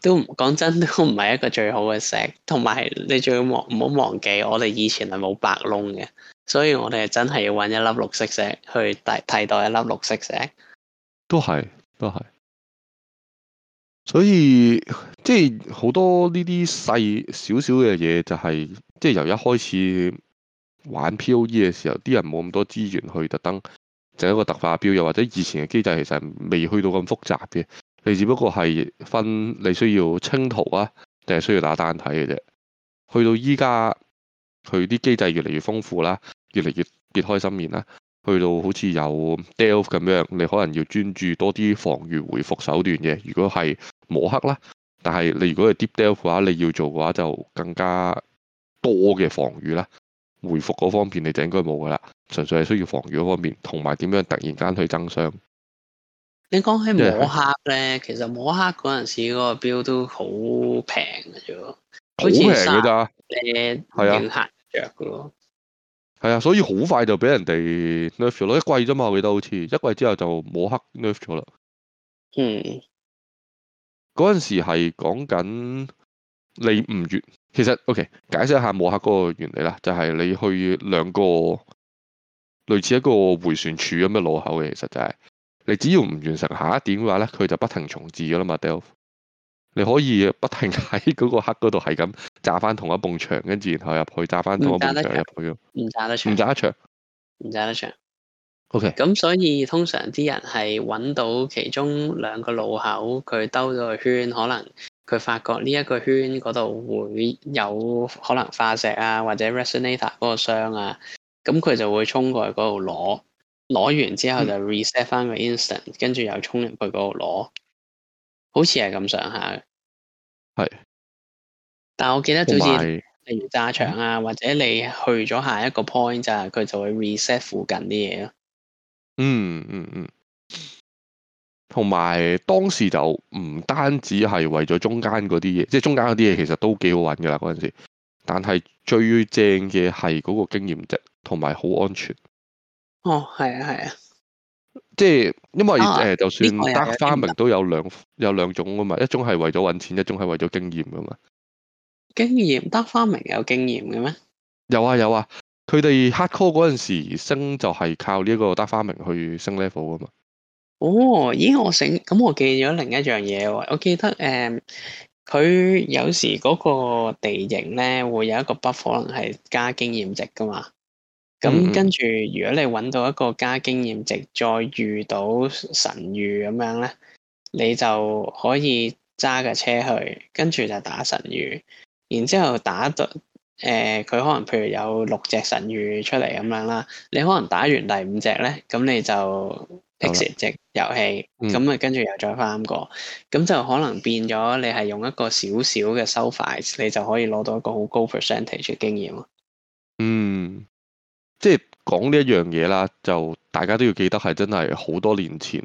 都講真，都唔係一個最好嘅石。同埋，你仲要，要忘唔好忘記，我哋以前係冇白窿嘅，所以我哋係真係要揾一粒綠色石去替替代一粒綠色石。都係，都係。所以。即係好多呢啲細少少嘅嘢，就係即係由一開始玩 P.O.E 嘅時候，啲人冇咁多資源去特登整一個特化標，又或者以前嘅機制其實未去到咁複雜嘅。你只不過係分你需要清圖啊，定係需要打單體嘅啫。去到依家佢啲機制越嚟越豐富啦，越嚟越別開生面啦。去到好似有 Delve 咁樣，你可能要專注多啲防禦回復手段嘅。如果係摸黑啦。但係你如果係 deep dive 嘅話，你要做嘅話就更加多嘅防禦啦，回復嗰方面你就應該冇噶啦，純粹係需要防禦嗰方面，同埋點樣突然間去增傷。你講起摸黑咧，Yeah. 其實摸黑嗰陣時嗰個 Build 都好平嘅啫，好平嘅咋，係啊，係啊，所以好快就俾人哋 nerf 咗，一季啫嘛，我記得好似一季之後就摸黑 nerf 咗啦。嗯。嗰陣時係講緊你唔完，其實 OK 解釋一下冇黑嗰個原理啦，就係、是、你去兩個類似一個迴旋柱迴旋處咁嘅路口嘅，其實就係你只要唔完成下一點嘅話咧，佢就不停重置噶啦嘛，Del。你可以不停喺嗰個黑嗰度係咁炸翻同一埲牆，跟住然後入去炸翻同一埲牆入去咯，唔炸得牆，唔炸得牆，唔炸得牆。O.K. 咁所以通常啲人係揾到其中兩個路口，佢兜咗個圈，可能佢發覺呢一個圈嗰度會有可能化石啊，或者 resonator 嗰個箱啊，咁佢就會衝過去嗰度攞，攞完之後就 reset 翻個 instant，、嗯、跟住又衝入去嗰度攞，好似係咁上下。係是，但我記得好似例如炸場啊，嗯、或者你去咗下一個 point 就係佢就會 reset 附近啲嘢咯。嗯嗯嗯，同、嗯、埋當時就唔單止係為咗中間嗰啲嘢，即係中間嗰啲嘢其實都幾好玩噶啦嗰陣時，但係最正嘅係嗰個經驗值，同埋好安全。哦，係啊，係啊，即係因為誒，啊、就算得、啊這個、花名都有兩有兩種噶嘛，一種係為咗揾錢，一種係為咗經驗噶嘛。經驗得花名有經驗嘅咩？有啊，有啊。佢哋黑 call 嗰陣時升就係靠呢一個得花名去升 level 噶嘛？哦，咦，我醒，咁我記咗另一樣嘢喎。我記得誒，佢、嗯、有時嗰個地形咧，會有一個不可能 f 係加經驗值噶嘛。咁跟住，如果你揾到一個加經驗值，嗯嗯，再遇到神魚咁樣咧，你就可以揸架車去，跟住就打神魚，然之後打誒，佢可能譬如有六隻神魚出嚟咁樣啦，你可能打完第五隻咧，咁你就 exit 隻遊戲，咁啊跟住又再翻個，咁就可能變咗你係用一個少少嘅收費，你就可以攞到一個好高 percentage 嘅經驗。嗯，即係講呢一樣嘢啦，就大家都要記得係真係好多年前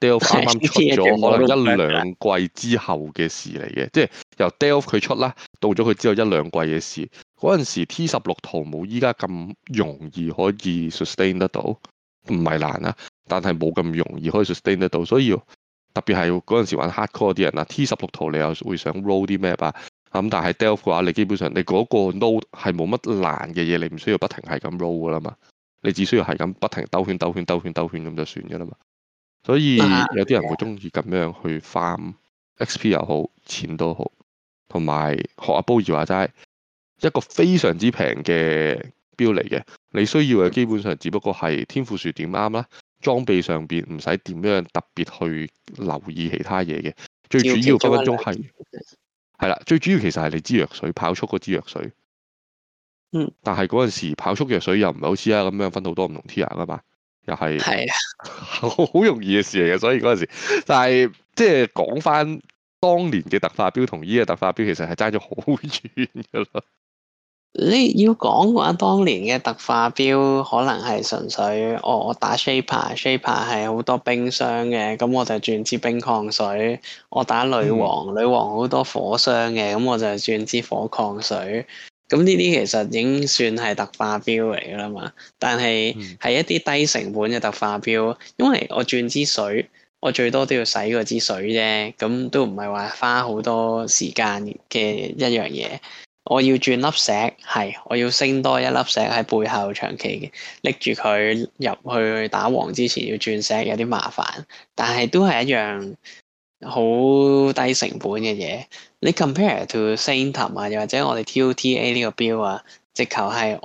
Delve 啱啱出咗可能一兩季之後嘅事嚟嘅，即係由 Delve 佢出啦，到咗佢之後一兩季嘅事。嗰陣時 T 十六圖冇依家咁容易可以 sustain 得到，唔係難啊，但係冇咁容易可以 sustain 得到，所以特別係嗰陣時玩 hardcore 啲人啦、啊、T 十六圖你又會想 roll 啲咩啊？咁但係 delve、啊、嘅話，你基本上你嗰個 node 係冇乜難嘅嘢，你唔需要不停係咁 roll 噶啦嘛，你只需要係咁不停兜圈兜圈兜圈兜圈咁就算嘅啦嘛。所以有啲人會中意咁樣去 farm XP 又好，錢都好，同埋學阿煲二話齋。一個非常之平嘅標嚟嘅，你需要嘅基本上只不過係天賦樹點啱啦，裝備上邊唔使點樣特別去留意其他嘢嘅，最主要分分鐘係係啦，最主要其實係你支藥水跑速嗰支藥水，嗯，但係嗰陣時跑速藥水又唔係好似啊咁樣分好多唔同 tier 噶嘛，又係係啊，好容易嘅事嚟嘅，所以嗰陣時，但係即係講翻當年嘅特化標同依家特化標，其實係差咗好遠噶啦。你要講嘅話，當年嘅特化 Build 可能係純粹、哦、我打 shaper，shaper 係好多冰傷嘅，咁我就轉支冰礦水；我打女王，女王好多火傷嘅，咁我就轉支火礦水。咁呢啲其實已經算係特化 Build 嚟噶啦嘛。但係係一啲低成本嘅特化 Build，因為我轉支水，我最多都要洗嗰支水啫，咁都唔係話花好多時間嘅一樣嘢。我要轉粒石，係我要升多一粒石喺背後長期嘅，拎住佢入去打王之前要轉石有啲麻煩，但係都係一樣好低成本嘅嘢。你 compare to Saint Tom 啊，又或者我哋 TOTA 呢個標啊，直頭係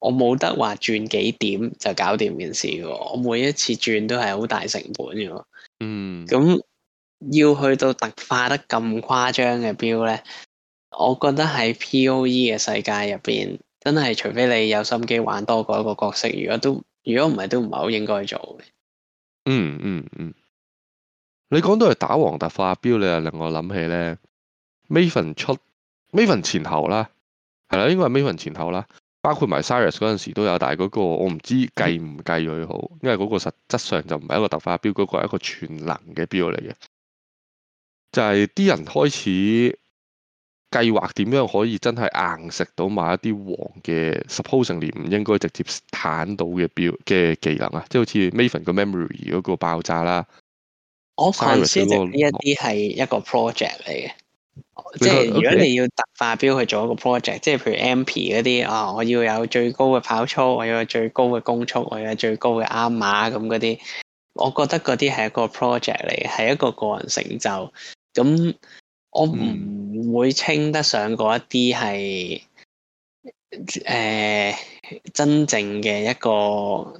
我冇得話轉幾點就搞掂件事嘅喎。我每一次轉都係好大成本嘅喎。嗯，咁要去到特化得咁誇張嘅標咧？我覺得喺 P.O.E 嘅世界入邊，真係除非你有心機玩多過一個角色，如果都如果唔係都唔係好應該做嘅。嗯。嗯嗯嗯，你講到係打王特化 Build，你又令我諗起咧，Maven 出 Maven 前後啦，係啦，應該係 Maven 前後啦，包括埋 Sirus 嗰陣時都有，但係嗰個我唔知計唔計佢好， 因為嗰個實質上就唔係一個特化 Build，嗰、那個係一個全能嘅 Build 嚟嘅，就係、是、啲人開始。計劃點樣可以真係硬食到埋一啲黃嘅 supposing 連唔應該直接彈到嘅標嘅技能啊？即係好似 Maven 個 memory 嗰個爆炸啦。我反思呢一啲係一個 project 嚟嘅，即係如果你要特化標去做一個 project，即係譬如 MP 嗰啲啊，我要有最高嘅跑速，我要有最高嘅攻速，我要有最高嘅 armour 咁嗰啲，我覺得嗰啲係一個 project 嚟嘅，係一個個人成就咁。我唔會稱得上嗰一啲係誒真正嘅一個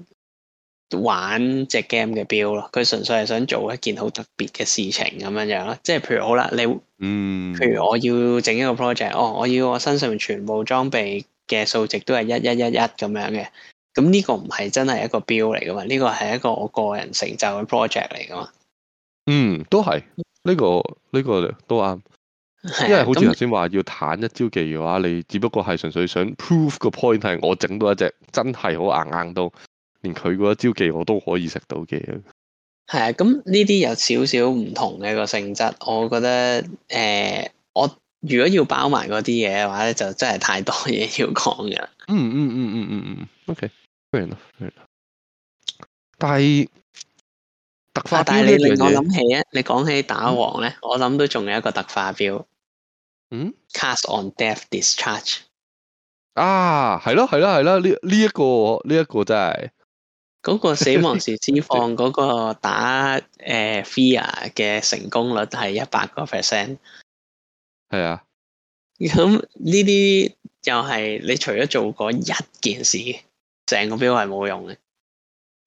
玩隻 game 嘅 Build 咯，佢純粹係想做一件好特別嘅事情咁樣樣咯。即係譬如好啦，你，嗯，譬如我要整一個 project，哦，我要我身上面全部裝備嘅數值都係一一一一咁樣嘅，咁呢個唔係真係一個 Build 嚟噶嘛？呢個係一個我個人成就嘅 project 嚟噶嘛？嗯，都係。呢、呢個呢、呢個都啱，因為好似頭先話要彈一招技嘅話，嗯、你只不過係純粹想 prove 個 point 係我整到一隻真係好硬，硬到連佢嗰一招技我都可以食到嘅。係啊，咁呢啲有少少唔同嘅個性質，我覺得誒，我如果要包埋嗰啲嘢嘅話咧，就真係太多嘢要講嘅。嗯嗯嗯嗯嗯嗯，OK，f、okay. 但係。特化啊、但係你令我諗起啊，你講起打王咧，嗯、我諗都仲有一個特化表。嗯。Cast on death discharge。啊，係咯，係咯，係咯，呢呢一個呢一、呢一個真係。嗰個死亡時施放嗰 的個打誒、呃、Fear 嘅成功率係一百個 percent。係啊。咁呢啲就係你除咗做過一件事，成個表係冇用嘅。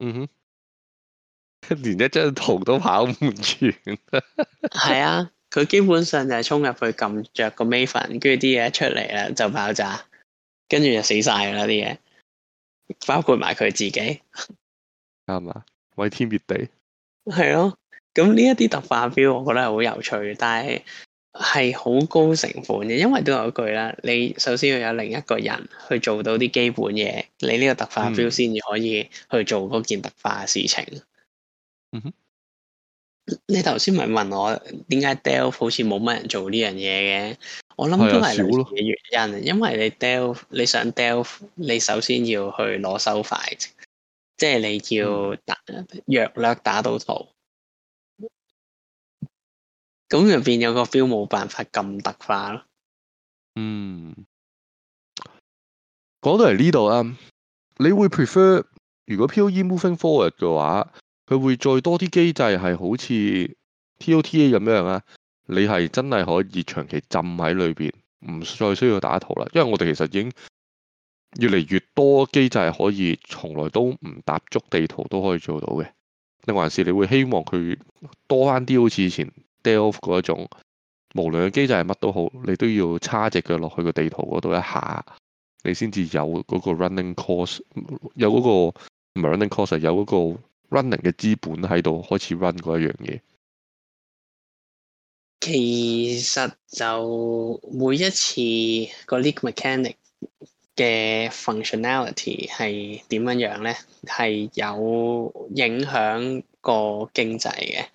嗯哼。連一張圖都跑唔完，係啊，佢基本上就係衝入去撳着個 micro，跟住，啲嘢一出嚟啦，就爆炸，跟住就死晒㗎啦啲嘢，包括埋佢自己，啱。 啊，毀天滅地，係咯、 啊，咁呢一啲特化 Build，我覺得係好有趣，但係係好高成本嘅，因為都有一句啦，你首先要有另一個人去做到啲基本嘢，你呢個特化 Build 先至可以去做嗰件特化嘅事情。嗯 Mm hmm. 你頭先咪問我點解 Delve 好似冇乜人做呢樣嘢嘅？我諗都係嘅原因，因為你 Delve 你想 Delve 你首先要去攞收牌，即係你要打、嗯、弱略，打到圖，咁入邊有個 feel 冇辦法咁特化咯。嗯，講到嚟呢度啦，你會 prefer 如果 Poe moving forward 嘅話？佢會再多啲機制係好似 TOTA 咁樣啊，你係真係可以長期浸喺裏邊，唔再需要打圖啦。因為我哋其實已經越嚟越多機制可以從來都唔踏足地圖都可以做到嘅。定還是你會希望佢多翻啲好似以前 Delve 嗰一種，無論個機制係乜都好，你都要叉隻腳落去個地圖嗰度一下，你先至有嗰個 running course，有嗰個唔係 running course，係有嗰個。running 嘅資本喺度開始 run 嗰一樣嘢，其實就每一次個 league mechanic 嘅 functionality 係點樣樣咧，係有影響個經濟嘅。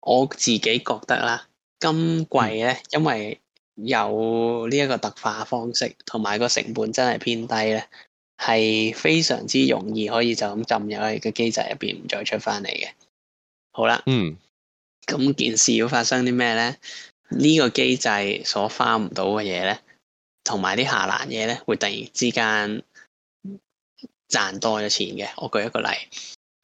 我自己覺得啦，今季咧，因為有呢一個特化方式，同埋個成本真係偏低咧。係非常之容易可以就咁浸入去個機制入邊，唔再出翻嚟嘅。好啦，嗯，咁件事要發生啲咩咧？呢個機制所花唔到嘅嘢咧，同埋啲下欄嘢咧，會突然之間賺多咗錢嘅。我舉一個例，誒、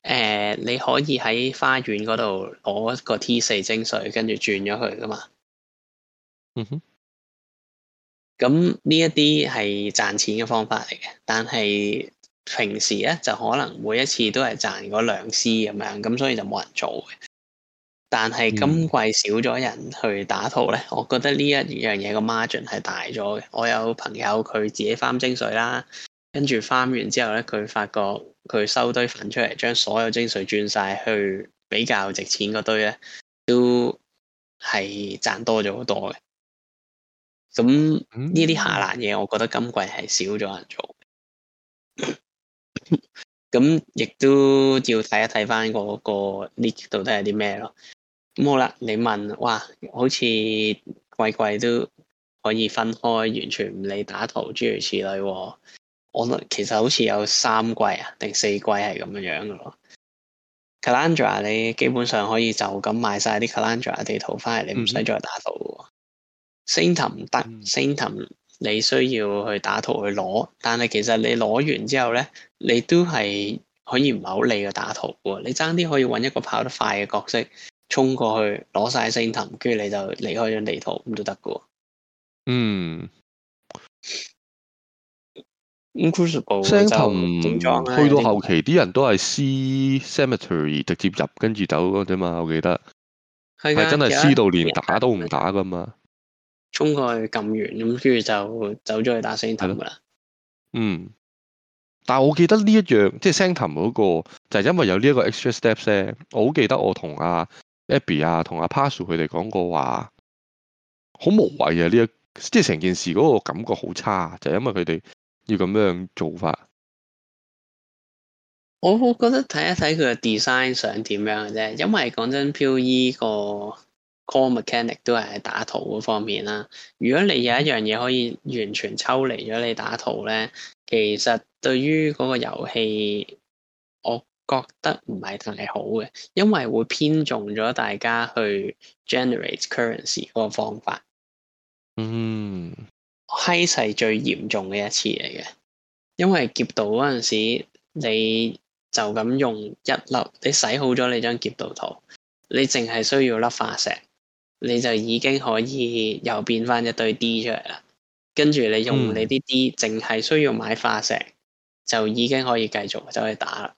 呃，你可以喺花園嗰度攞一個 T 四精髓，跟住轉咗去㗎嘛。嗯哼。咁呢一啲係賺錢嘅方法嚟嘅，但係平時咧就可能每一次都係賺嗰兩 C 咁樣，咁所以就冇人做嘅。但係今季少咗人去打套咧，嗯、我覺得呢一樣嘢個 margin 係大咗嘅。我有朋友佢自己翻精髓啦，跟住翻完之後咧，佢發覺佢收堆粉出嚟，將所有精髓轉晒去比較值錢嗰堆咧，都係賺多咗好多嘅。咁呢啲下欄嘢，我覺得今季係少咗人做。咁亦 都要睇一睇翻嗰個呢到底係啲咩咯。咁好啦，你問，哇，好似季季都可以分開，完全唔理打圖諸如此類。我其實好似有三季啊，定四季係咁樣樣噶咯。Kalandra 你基本上可以就咁賣晒啲 Kalandra 地圖翻嚟，你唔使再打圖噶。聖壇得聖壇，um, um, 你需要去打圖去攞，但係其實你攞完之後咧，你都係可以唔係好理嘅打圖嘅。你爭啲可以搵一個跑得快嘅角色衝過去攞晒聖壇，跟住、um, 你就離開張地圖咁都得嘅。嗯，incredible 聖壇去到後期啲人都係 C Cemetery 直接入跟住走嘅啫嘛。我記得係的真係 C 到連打都唔打噶嘛。對 對 衝過去撳完，咁跟住就走咗去打 Sanctum 啦。嗯，但係我記得呢一樣，即係 Sanctum 嗰個，就係、是、因為有呢一個 extra steps 咧。我好記得我同阿 Abby 啊，同阿 Pascal 佢哋講過話，好無謂啊！呢、這、一、個、即係成件事嗰個感覺好差，就係、是、因為佢哋要咁樣做法。我我覺得睇一睇佢嘅 design 想點樣嘅啫，因為講真，PoE 個。call mechanic 都係喺打圖嗰方面啦。如果你有一樣嘢可以完全抽離咗你打圖咧，其實對於嗰個遊戲，我覺得唔係太好嘅，因為會偏重咗大家去 generate currency 嗰個方法。嗯，閪曬最嚴重嘅一次嚟嘅，因為劫道嗰陣時，你就咁用一粒，你洗好咗你張劫道圖，你淨係需要粒化石。你就已經可以又變翻一堆 D 出嚟啦，跟住你用你啲 D，淨係、嗯、需要買化石，就已經可以繼續走去打啦。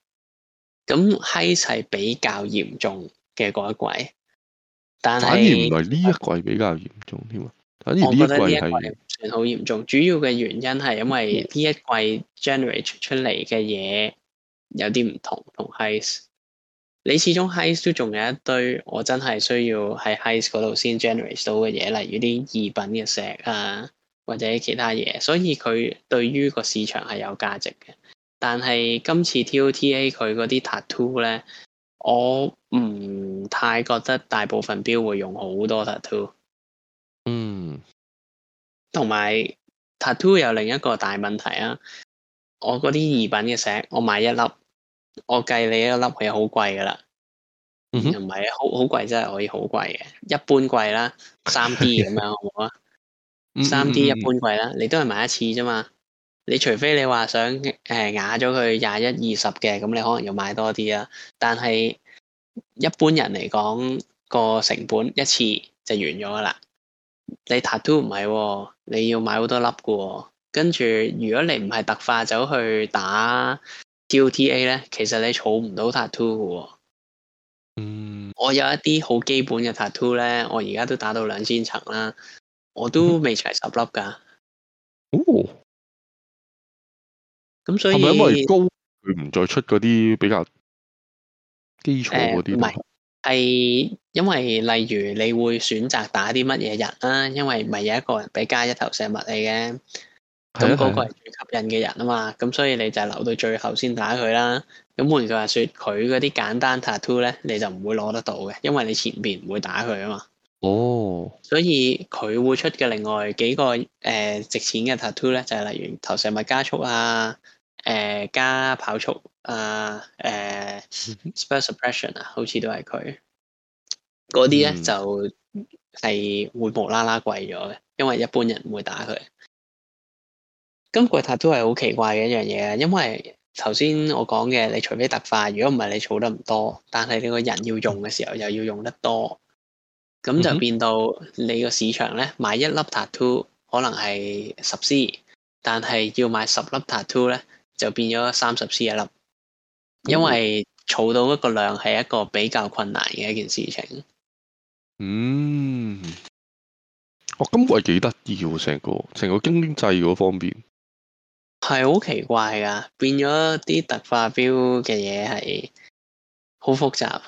咁 Heist 係比較嚴重嘅嗰一季，但係原來呢一季比較嚴重添啊。我覺得呢一季好嚴重，主要嘅原因係因為呢一季 generate 出嚟嘅嘢有啲唔同同 Heist。你始終 Heist 都仲有一堆，我真係需要喺 Heist 嗰度先 generate 到嘅嘢，例如啲二品嘅石啊，或者其他嘢，所以佢對於個市場係有價值嘅。但係今次 TOTA 佢嗰啲 tattoo 咧，我唔太覺得大部分標會用好多 tattoo。嗯，同埋 tattoo 有另一個大問題啊，我嗰啲二品嘅石，我買一粒。我計你一個粒係好貴噶啦，唔係，好好貴真係可以好貴嘅，一般貴啦，三 D 咁 樣好好啊？三 D 嗯嗯嗯一般貴啦，你都係買一次啫嘛，你除非你話想誒啞咗佢廿一二十嘅，咁、呃、你可能要買多啲啦。但係一般人嚟講個成本一次就完咗噶啦，你 tattoo 唔係、哦，你要買好多粒嘅、哦，跟住如果你唔係特化走去打。T.O.T.A 咧，其實你儲唔到 tattoo 嘅喎、哦。嗯，我有一啲好基本嘅 tattoo 咧，我而家都打到兩千層啦，我都未齊十粒噶。哦，咁所以係咪因為高佢唔再出嗰啲比較基礎嗰啲？唔係、呃，係因為例如你會選擇打啲乜嘢人啦、啊，因為唔係有一個人俾加一頭石物你嘅。咁嗰、嗯，那個係最吸引嘅人啊嘛，咁所以你就留到最後先打佢啦。咁換句話話說佢嗰啲簡單 tattoo 咧，你就唔會攞得到嘅，因為你前面唔會打佢啊嘛。哦，所以佢會出嘅另外幾個誒、呃、值錢嘅 tattoo 咧，就係、是、例如投射物加速啊，誒、呃、加跑速啊，誒、呃、 spare suppression 啊，好似都係佢。嗰啲咧就係會無啦啦貴咗嘅，因為一般人唔會打佢。今季 tattoo 係好奇怪嘅一樣嘢，因為頭先我講嘅，你除非特化，如果唔係你儲得唔多，但係你個人要用嘅時候又要用得多，咁就變到你個市場咧買一粒 tattoo 可能係十 c，但係要買十粒 tattoo 咧就變咗三十 c 一粒，因為儲到一個量係一個比較困難嘅一件事情。嗯，我今季幾得意喎，成、成個成個，個經濟嗰方面。係好奇怪噶變咗啲特化 Build 嘅嘢，係好複雜。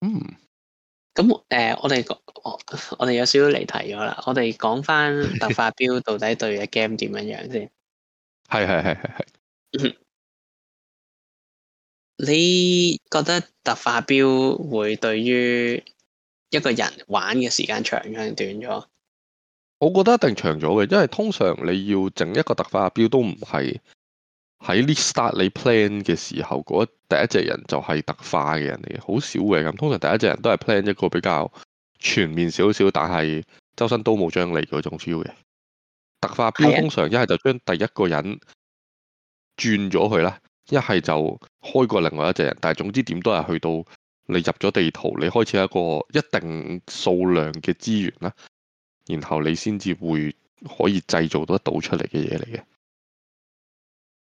嗯，咁誒、呃，我哋我哋有少少離題咗啦。我哋講翻特化 Build 到底對嘅 game 點樣樣先。係係係係係。你覺得特化 Build 會對於一個人玩嘅時間長咗定短咗？我覺得一定長咗嘅，因為通常你要整一個特化 Build 都唔係喺 league start 你 plan 嘅時候嗰第一隻人就係特化嘅人嚟嘅，好少嘅咁。通常第一隻人都係 plan 一個比較全面少少，但係周身都冇張利嗰種 feel 嘅特化 Build。通常一係就將第一個人轉咗去啦，一係的就開過另外一隻人。但係總之點都係去到你入咗地圖，你開始一個一定數量嘅資源啦。然後你先至會可以製造到得到出嚟嘅嘢嚟嘅。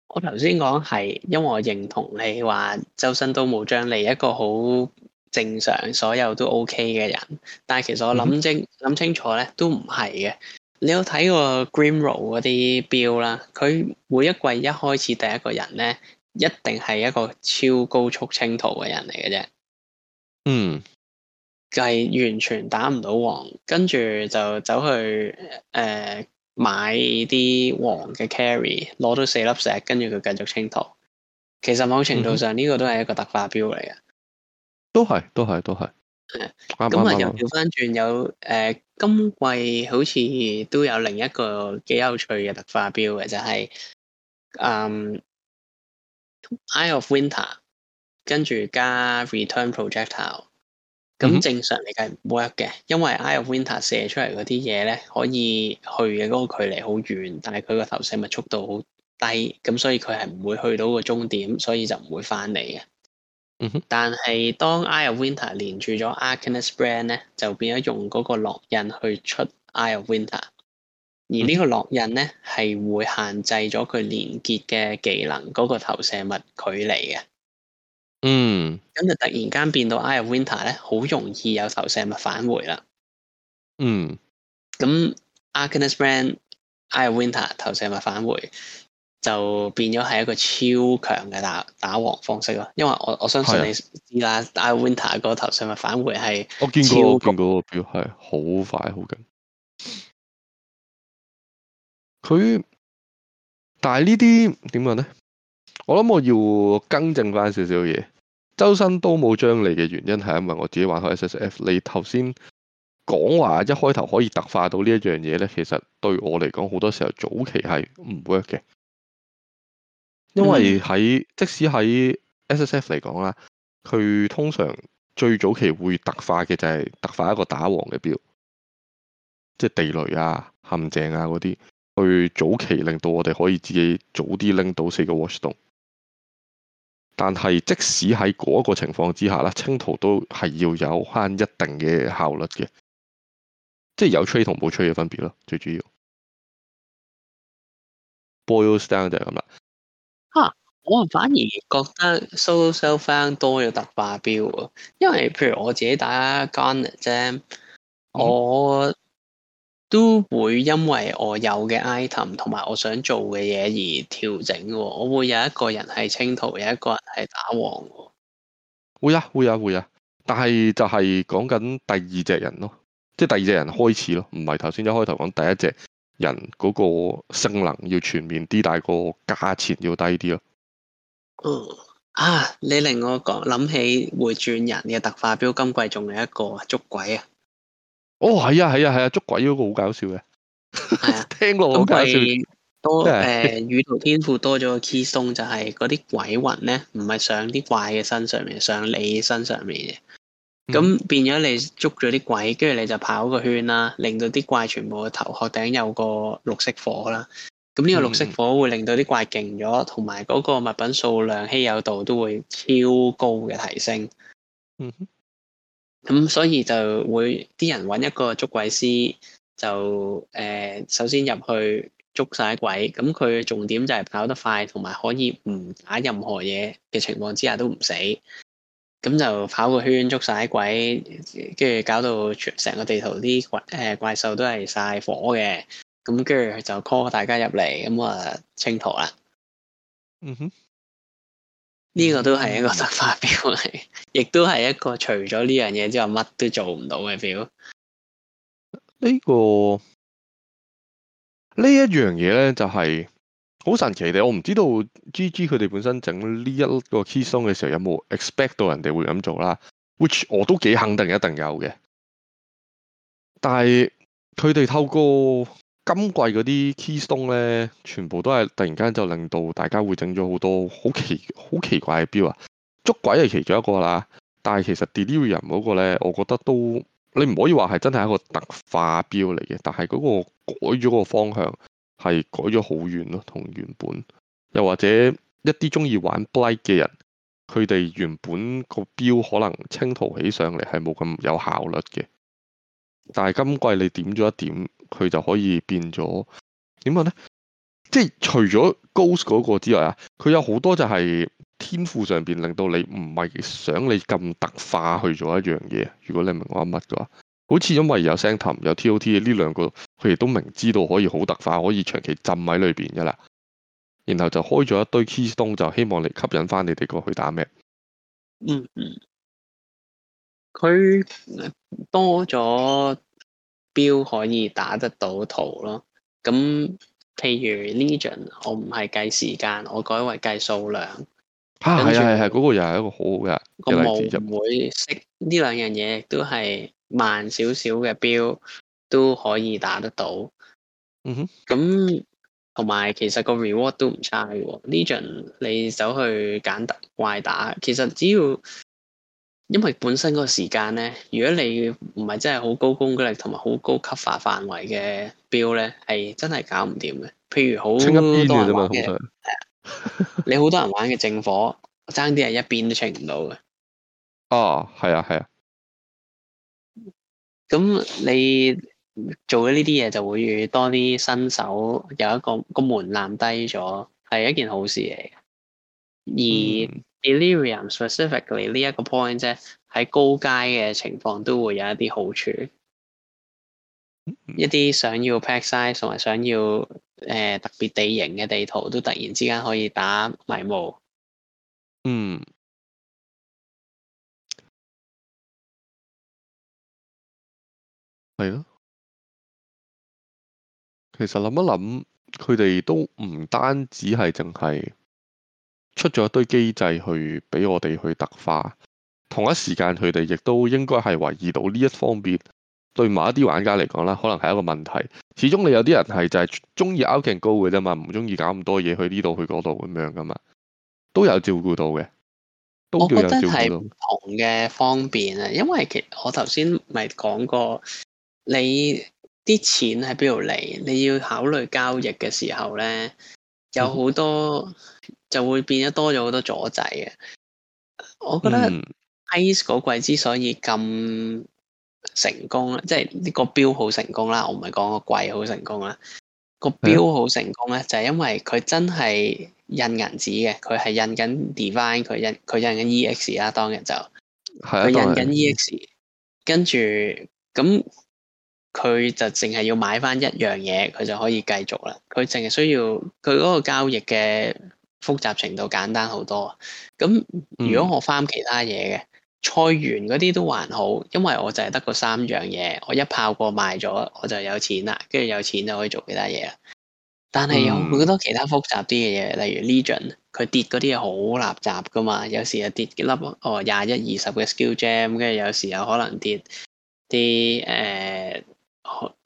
我頭先講係，因為我認同你話周身刀冇張利，一個好正常、所有都 OK 嘅人。但係其實我諗清諗清楚咧，都唔係嘅。你有睇過 Greenro 嗰啲表啦？佢每一季一開始第一個人咧，一定係一個超高速清圖嘅人嚟嘅啫。嗯。就完全打唔到王，跟住就走去誒、呃、買啲王嘅 carry，攞到四粒石，跟住佢繼續清圖。其實某程度上呢、嗯、哼個都係一個特化標嚟嘅，都係都係都係。咁啊，又調翻轉有誒、呃，今季好似都有另一個幾有趣嘅特化標嘅，就係、是、嗯 Eye of Winter，跟住加 Return Projectile。Ret 咁、嗯、正常你係 work 嘅，因為 Eye of Winter 射出嚟嗰啲嘢咧，可以去嘅嗰、嗰個距離好遠，但係佢個投射物速度好低，咁所以佢係唔會去到個終點，所以就唔會翻嚟嘅。嗯、哼但係當 Eye of Winter 連住咗 Arcanist Brand 咧，就變咗用嗰個烙印去出 Eye of Winter，而個呢個烙印咧係會限制咗佢連結嘅技能嗰、嗰個投射物距離嘅。嗯，咁就突然間變到 Iron Winter 咧，好容易有投射物返回啦。嗯，咁 Arcanist Brand Iron Winter 投射物返回就變咗係一個超強嘅打打王方式咯。因為我我相信你知啦 Iron Winter 個投射物返回係我見過，我強見嗰個表係好快好緊。佢，但係呢啲點講咧？我諗我要更正翻少少嘢。周身都冇張力嘅原因係因為我自己玩開 SSF，你頭先講話一開頭可以特化到呢一樣嘢咧，其實對我嚟講好多時候早期係唔 work 嘅，因為喺、嗯、即使喺 SSF 嚟講啦，佢通常最早期會特化嘅就係特化一個打王嘅標，即係地雷啊、陷阱啊嗰啲，去早期令到我哋可以自己早啲拎到四個 watchstone。但係即使喺嗰個情況之下咧，清圖都係要有翻一定嘅效率嘅，即係有 Trade 同冇 Trade 嘅分別咯，最主要。Boil down 就係咁啦。嚇！我反而覺得 Solo Self Found 多咗特化 Build 喎，因為譬如我自己打一間啫，我、嗯。都會因為我有嘅 item 同埋我想做嘅嘢而調整喎。我會有一個人係清圖，有一個人係打王。會啊，會啊，會啊。但係就係講緊第二隻人咯，即係第二隻人開始咯，唔係頭先一開頭講第一隻人嗰個性能要全面啲，但係個價錢要低啲咯。嗯啊，你令我講諗起會轉人嘅特化標，今季仲有一個捉鬼啊！哦，係啊，係啊，係啊，捉鬼嗰個好搞笑嘅，係啊，聽過好搞笑。多，係、 呃，都誒，輿圖天賦多咗個 keystone，就係嗰啲鬼魂咧，唔係上啲怪嘅身上面，上你身上面嘅。咁、嗯、變咗你捉咗啲鬼，跟住你就跑個圈啦，令到啲怪全部個頭殼頂有個綠色火啦。咁呢個綠色火會令到啲怪勁咗，同埋嗰個物品數量稀有度都會超高嘅提升。嗯哼。咁所以就會啲人揾一個捉鬼師，就誒、呃、首先入去捉晒鬼。咁佢重點就係跑得快，同埋可以唔打任何嘢嘅情況之下都唔死。咁就跑個圈捉晒鬼，跟住搞到全成個地圖啲怪誒、呃、怪獸都係晒火嘅。咁跟住就 call 大家入嚟，咁我就清圖啦。嗯哼。呢個都係一個特發表嚟，亦都係一個除咗呢樣嘢之外，乜都做唔到嘅表。呢、這個呢一樣嘢咧、就是，就係好神奇嘅。我唔知道 G G 佢哋本身整呢一個 season 嘅時候有冇 expect 到人哋會咁做啦。Which 我都幾肯定一定有嘅。但係佢哋透過。今季嗰啲 Keystone 咧，全部都係突然間就令到大家會整咗好多好奇好奇怪嘅 Build 啊！捉鬼係其中一個啦，但係其實 Delirium 人嗰個咧，我覺得都你唔可以話係真係一個特化 Build 嚟嘅，但係嗰個改咗個方向係改咗好遠咯，同原本又或者一啲中意玩 blade 嘅人，佢哋原本個 Build 可能清圖起上嚟係冇咁有效率嘅。但係今季你點咗一點，佢就可以變咗點樣呢？即係除咗 Ghost 嗰個之外啊，佢有好多就係天賦上邊令到你唔係想你咁特化去做一樣嘢。如果你明我乜嘅話，好似因為有 Sanctum、um, 有 T O T 呢兩個，佢亦都明知道可以好特化，可以長期浸喺裏邊噶啦。然後就開咗一堆 Keystone，就希望你吸引翻你哋過去打咩、mm？Hmm. 佢多咗標可以打得到圖咯，咁譬如 Legion，我唔係計時間，我改為計數量。啊，係啊係係，嗰、嗰個又係一個好嘅。我冇唔會識呢兩樣嘢，亦都係慢少少嘅標都可以打得到。嗯哼，咁同埋其實個 reward 都唔差嘅、哦。Legion 你走去揀打怪打，其實只要。因為本身嗰個時間咧，如果你唔係真係好高攻擊力同埋好高級化範圍嘅標咧，係真係搞唔掂嘅。譬如好，你好多人玩嘅 正火，爭啲係一邊都清唔到嘅。哦，係啊，係啊。咁你做咗呢啲嘢，就會多啲新手有一個個門檻低咗，係一件好事嚟嘅。而、嗯 Delirium specifically 呢一個 point 啫，喺高階嘅情況都會有一啲好處，嗯、一啲想要 pack size 同埋想要誒、呃、特別地形嘅地圖，都突然之間可以打迷霧。嗯。係咯。其實諗一諗，佢哋都唔單止係淨係。出咗一堆機制去俾我哋去特化，同一時間佢哋亦都應該係懷疑到呢一方面對某一啲玩家嚟講啦，可能係一個問題。始終你有啲人係就係中意 outgoing 嘅啫嘛，唔中意搞咁多嘢去呢度去嗰度咁樣噶嘛，都有照顧到嘅。都叫有照顧到。我覺得係唔同嘅方便啊，因為其實我頭先咪講過，你啲錢喺邊度嚟？你要考慮交易嘅時候咧，有好多、嗯。就會變得多咗好多阻滯嘅。我覺得 Ice 嗰季之所以咁成功咧，即係個標好成功啦。我唔係講個季好成功啦，個標好成功咧，就係因為佢真係印銀紙嘅，佢係印緊 Divine，佢印佢印緊 EX 啦，當日就係啊，佢印緊 EX，跟住咁佢就淨係要買翻一樣嘢，佢就可以繼續啦。佢淨係需要佢嗰個交易嘅。複雜程度簡單好多，咁如果我翻其他嘢嘅，嗯、菜園嗰啲都還好，因為我就係得個三樣嘢，我一炮過賣咗我就有錢啦，跟住有錢就可以做其他嘢啦。但係有好多其他複雜啲嘅嘢，嗯、例如 Legion，佢跌嗰啲嘢好垃圾噶嘛，有時又跌幾粒哦廿一二十嘅 Skill Gem 跟住有時又可能跌啲誒。呃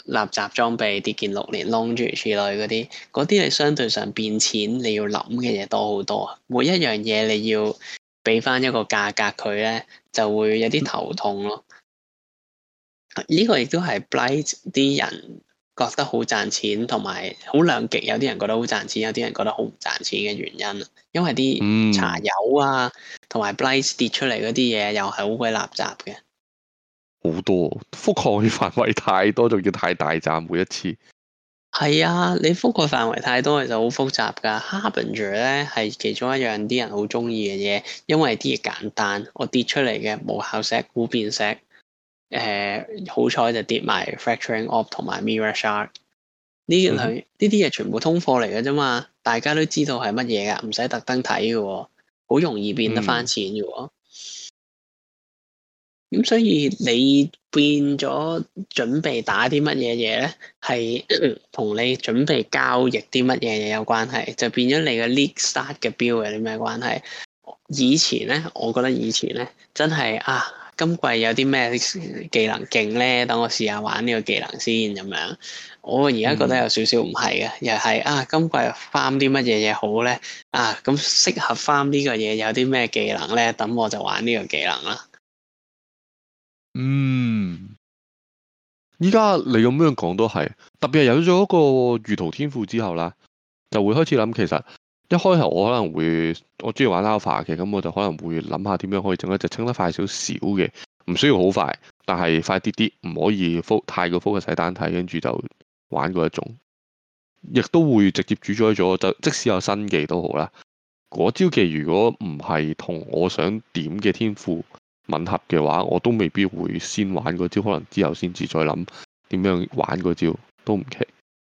垃圾裝備跌見六年窿住住來嗰啲，嗰啲你相對上變錢，你要諗嘅嘢多好多啊！每一樣嘢你要俾翻一個價格佢咧，就會有啲頭痛咯。呢、嗯、個亦都係 Blight 啲人覺得好賺錢，同埋好兩極，有啲人覺得好賺錢，有啲人覺得好唔賺錢嘅原因，因為啲茶友啊，同埋 Blight 跌出嚟嗰啲嘢，又係好鬼垃圾嘅。好多覆蓋範圍太多，仲要太大站每一次。係啊，你覆蓋範圍太多，其實好複雜㗎。Harbinger 咧係其中一樣啲人好中意嘅嘢，因為啲嘢簡單。我跌出嚟嘅無效石，股變石。誒、呃，好彩就跌埋 Fracturing Orb 同埋 Mirror Shark，呢兩呢啲嘢全部通貨嚟嘅啫嘛，大家都知道係乜嘢㗎，唔使特登睇嘅喎，好容易變得翻錢嘅喎。嗯。咁、嗯、所以你變咗準備打啲乜嘢嘢咧，係同、嗯、你準備交易啲乜嘢嘢有關係，就變咗你嘅 league start 嘅 Build 嘅啲咩關係？以前咧，我覺得以前咧真係啊，今季有啲咩技能勁咧，等我試下玩呢個技能先咁樣。我而家覺得有少少唔係嘅，又係、嗯、啊，今季 farm 啲乜嘢嘢好咧？啊，咁適合 farm 呢個嘢有啲咩技能咧？等我就玩呢個技能啦。嗯，依家你咁樣講都係，特別係有咗一個輿圖天賦之後啦，就會開始諗，其實一開頭我可能會我中意玩 Alpha 嘅，咁我就可能會諗下點樣可以整一隻清得快少少嘅，唔需要好快，但係快啲啲，唔可以覆太過複嘅洗單體，跟住就玩嗰一種，亦都會直接主宰咗，就即使有新技都好啦，嗰招技如果唔係同我想點嘅天賦吻合嘅話，我都未必會先玩嗰招，可能之後先至再諗點樣玩嗰招都唔奇。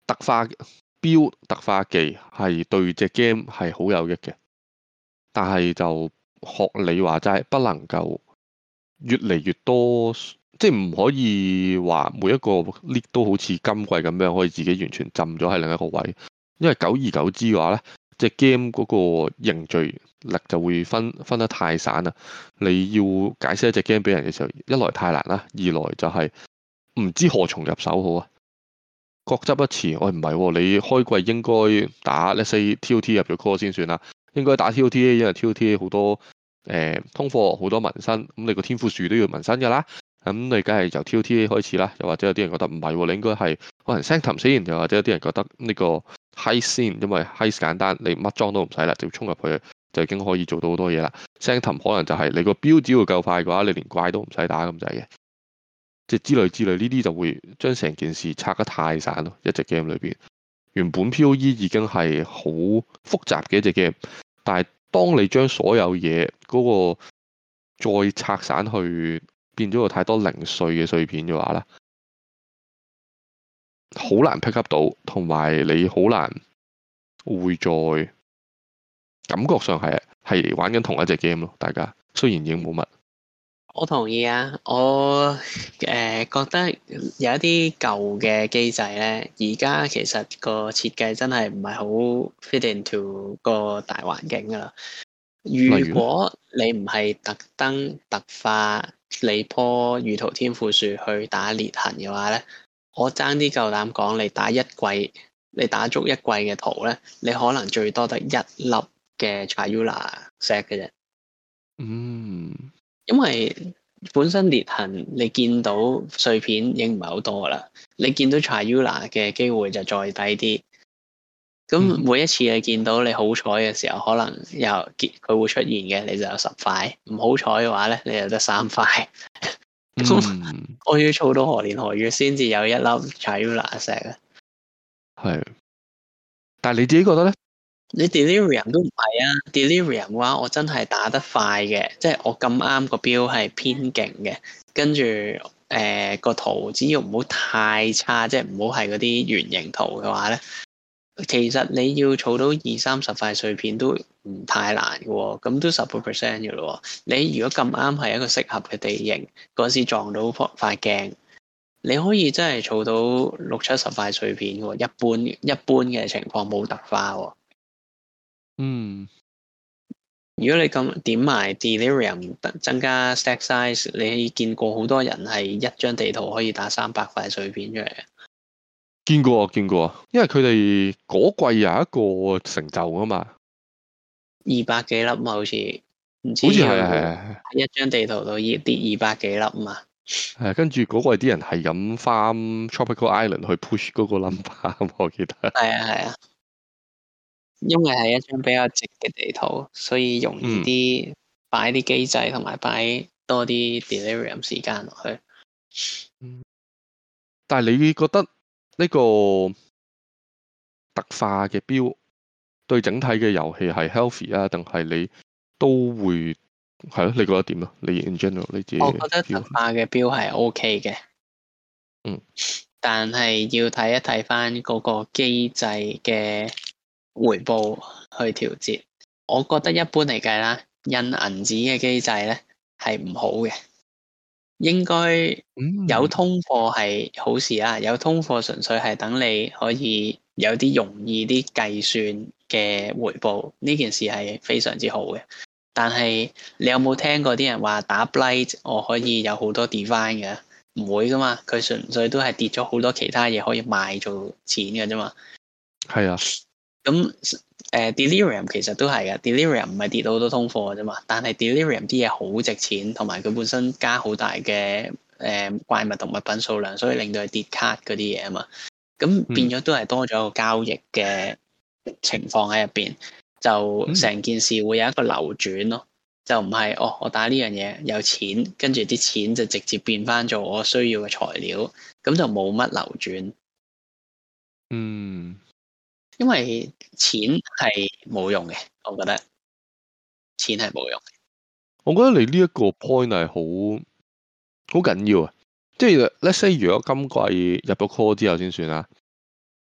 特化 Build、特化技係對隻 game 係好有益嘅，但係就學你話齋，不能夠越嚟越多，即係唔可以話每一個 league 都好似今季咁樣，可以自己完全浸咗喺另一個位，因為久而久之嘅話咧。隻 game 嗰個凝聚力就會分分得太散啦。你要解釋一隻 game 俾人嘅時候，一來太難啦，二來就係唔知何從入手好啊。各執一詞，我唔係喎，你開季應該打 let's say TOT 入咗 call 先算啦，應該打 TOTA 因為 TOTA 好多誒、欸、通貨好多紋身。咁你個天賦樹都要紋身㗎啦，咁你梗係由 TOTA 開始啦。又或者有啲人覺得唔係、哦，你應該係可能 Sanctum 先，又或者有啲人覺得呢、這個。Heist 先，scene, 因為 Heist 簡單，你乜裝都唔使啦，直接衝入去就已經可以做到好多嘢啦。Sanctum、um、可能就係、是、你個標只要夠快嘅話，你連怪都唔使打咁滯嘅，即之類之類呢啲就會將成件事拆得太散咯。一隻 game 裏邊，原本 POE 已經係好複雜嘅一隻 game，但係當你將所有嘢嗰、那個再拆散去，變咗個太多零碎嘅碎片嘅話咧。好難 pick up 到，同埋你好難會再感覺上係係玩緊同一隻 game 咯，大家雖然已經冇乜，我同意啊，我誒、呃、覺得有一啲舊嘅機制咧，而家其實個設計真係唔係好 fit into 個大環境噶啦。如果你唔係特登特化你棵輿圖天賦樹去打裂痕嘅話咧，我爭啲夠膽講，你打一季，你打足一季嘅圖咧，你可能最多得一粒嘅 Chayula 石嘅啫。嗯，因為本身裂痕你見到碎片已經唔係好多啦，你見到 Chayula 嘅機會就再低啲。咁每一次你見到你好彩嘅時候，可能又見佢會出現嘅，你就有十塊；唔好彩嘅話咧，你就得三塊。 嗯、 我要儲到何年何月先至有一粒彩蠟石咧？係，但係你自己覺得咧？你 Delirium 都唔係啊 ，Delirium 嘅話我真係打得快嘅，即、就、係、是、我咁啱個標係偏勁嘅，跟住誒、呃、個圖只要唔好太差，即係唔好係嗰啲圓形圖嘅話咧。其實你要儲到二三十塊碎片都唔太難嘅喎、哦，咁都十個 percent 嘅咯喎。你如果咁啱係一個適合嘅地形嗰時撞到塊鏡，你可以真係儲到六七十塊碎片嘅喎、哦。一般一般嘅情況冇特化喎、哦。嗯。如果你咁點埋 Delirium，增加 Stack Size，你見過好多人係一張地圖可以打三百塊碎片出嚟嘅。見過啊，見過啊，因為佢哋嗰季有一個成就噶嘛，二百幾粒嘛，好似，唔知好似係係係，一張地圖度要跌二百幾粒啊嘛，係跟住嗰個啲人係飲翻 Tropical Island 去 push 嗰個 number 我記得，係啊係啊，因為係一張比較直嘅地圖，所以容易啲擺啲機制同埋擺多啲 delirium 時間落去，嗯、但係你覺得？呢個特化嘅標對整體嘅遊戲係 healthy 啊，定係你都會係咯？你覺得點啊？你 in general 你自己？我覺得特化嘅標係 OK 嘅。嗯，但係要睇一睇翻嗰個機制嘅回報去調節。我覺得一般嚟計啦，印銀紙嘅機制咧係唔好嘅。應該有通貨係好事啊！嗯、有通貨純粹係等你可以有啲容易啲計算嘅回報，呢件事係非常之好嘅。但係你有冇聽過啲人話打 Blight 我可以有好多 Divine 跌翻嘅？唔會噶嘛，佢純粹都係跌咗好多其他嘢可以賣做錢嘅啫嘛。係啊。咁誒、呃、delirium 其實都係噶，delirium 唔係跌到好多通貨嘅啫嘛，但係 delirium 啲嘢好值錢，同埋佢本身加好大嘅誒、呃、怪物同物品數量，所以令到佢跌卡嗰啲嘢啊嘛，咁變咗都係多咗一個交易嘅情況喺入邊，嗯、就成件事會有一個流轉咯，嗯、就唔係哦，我打呢樣嘢有錢，跟住啲錢就直接變翻做我需要嘅材料，咁就冇乜流轉。嗯。因為錢係冇用嘅，我覺得錢係冇用。我覺得你呢一個 point 係好好緊要啊！即係，let's say 如果今季入咗 call 之後先算啦，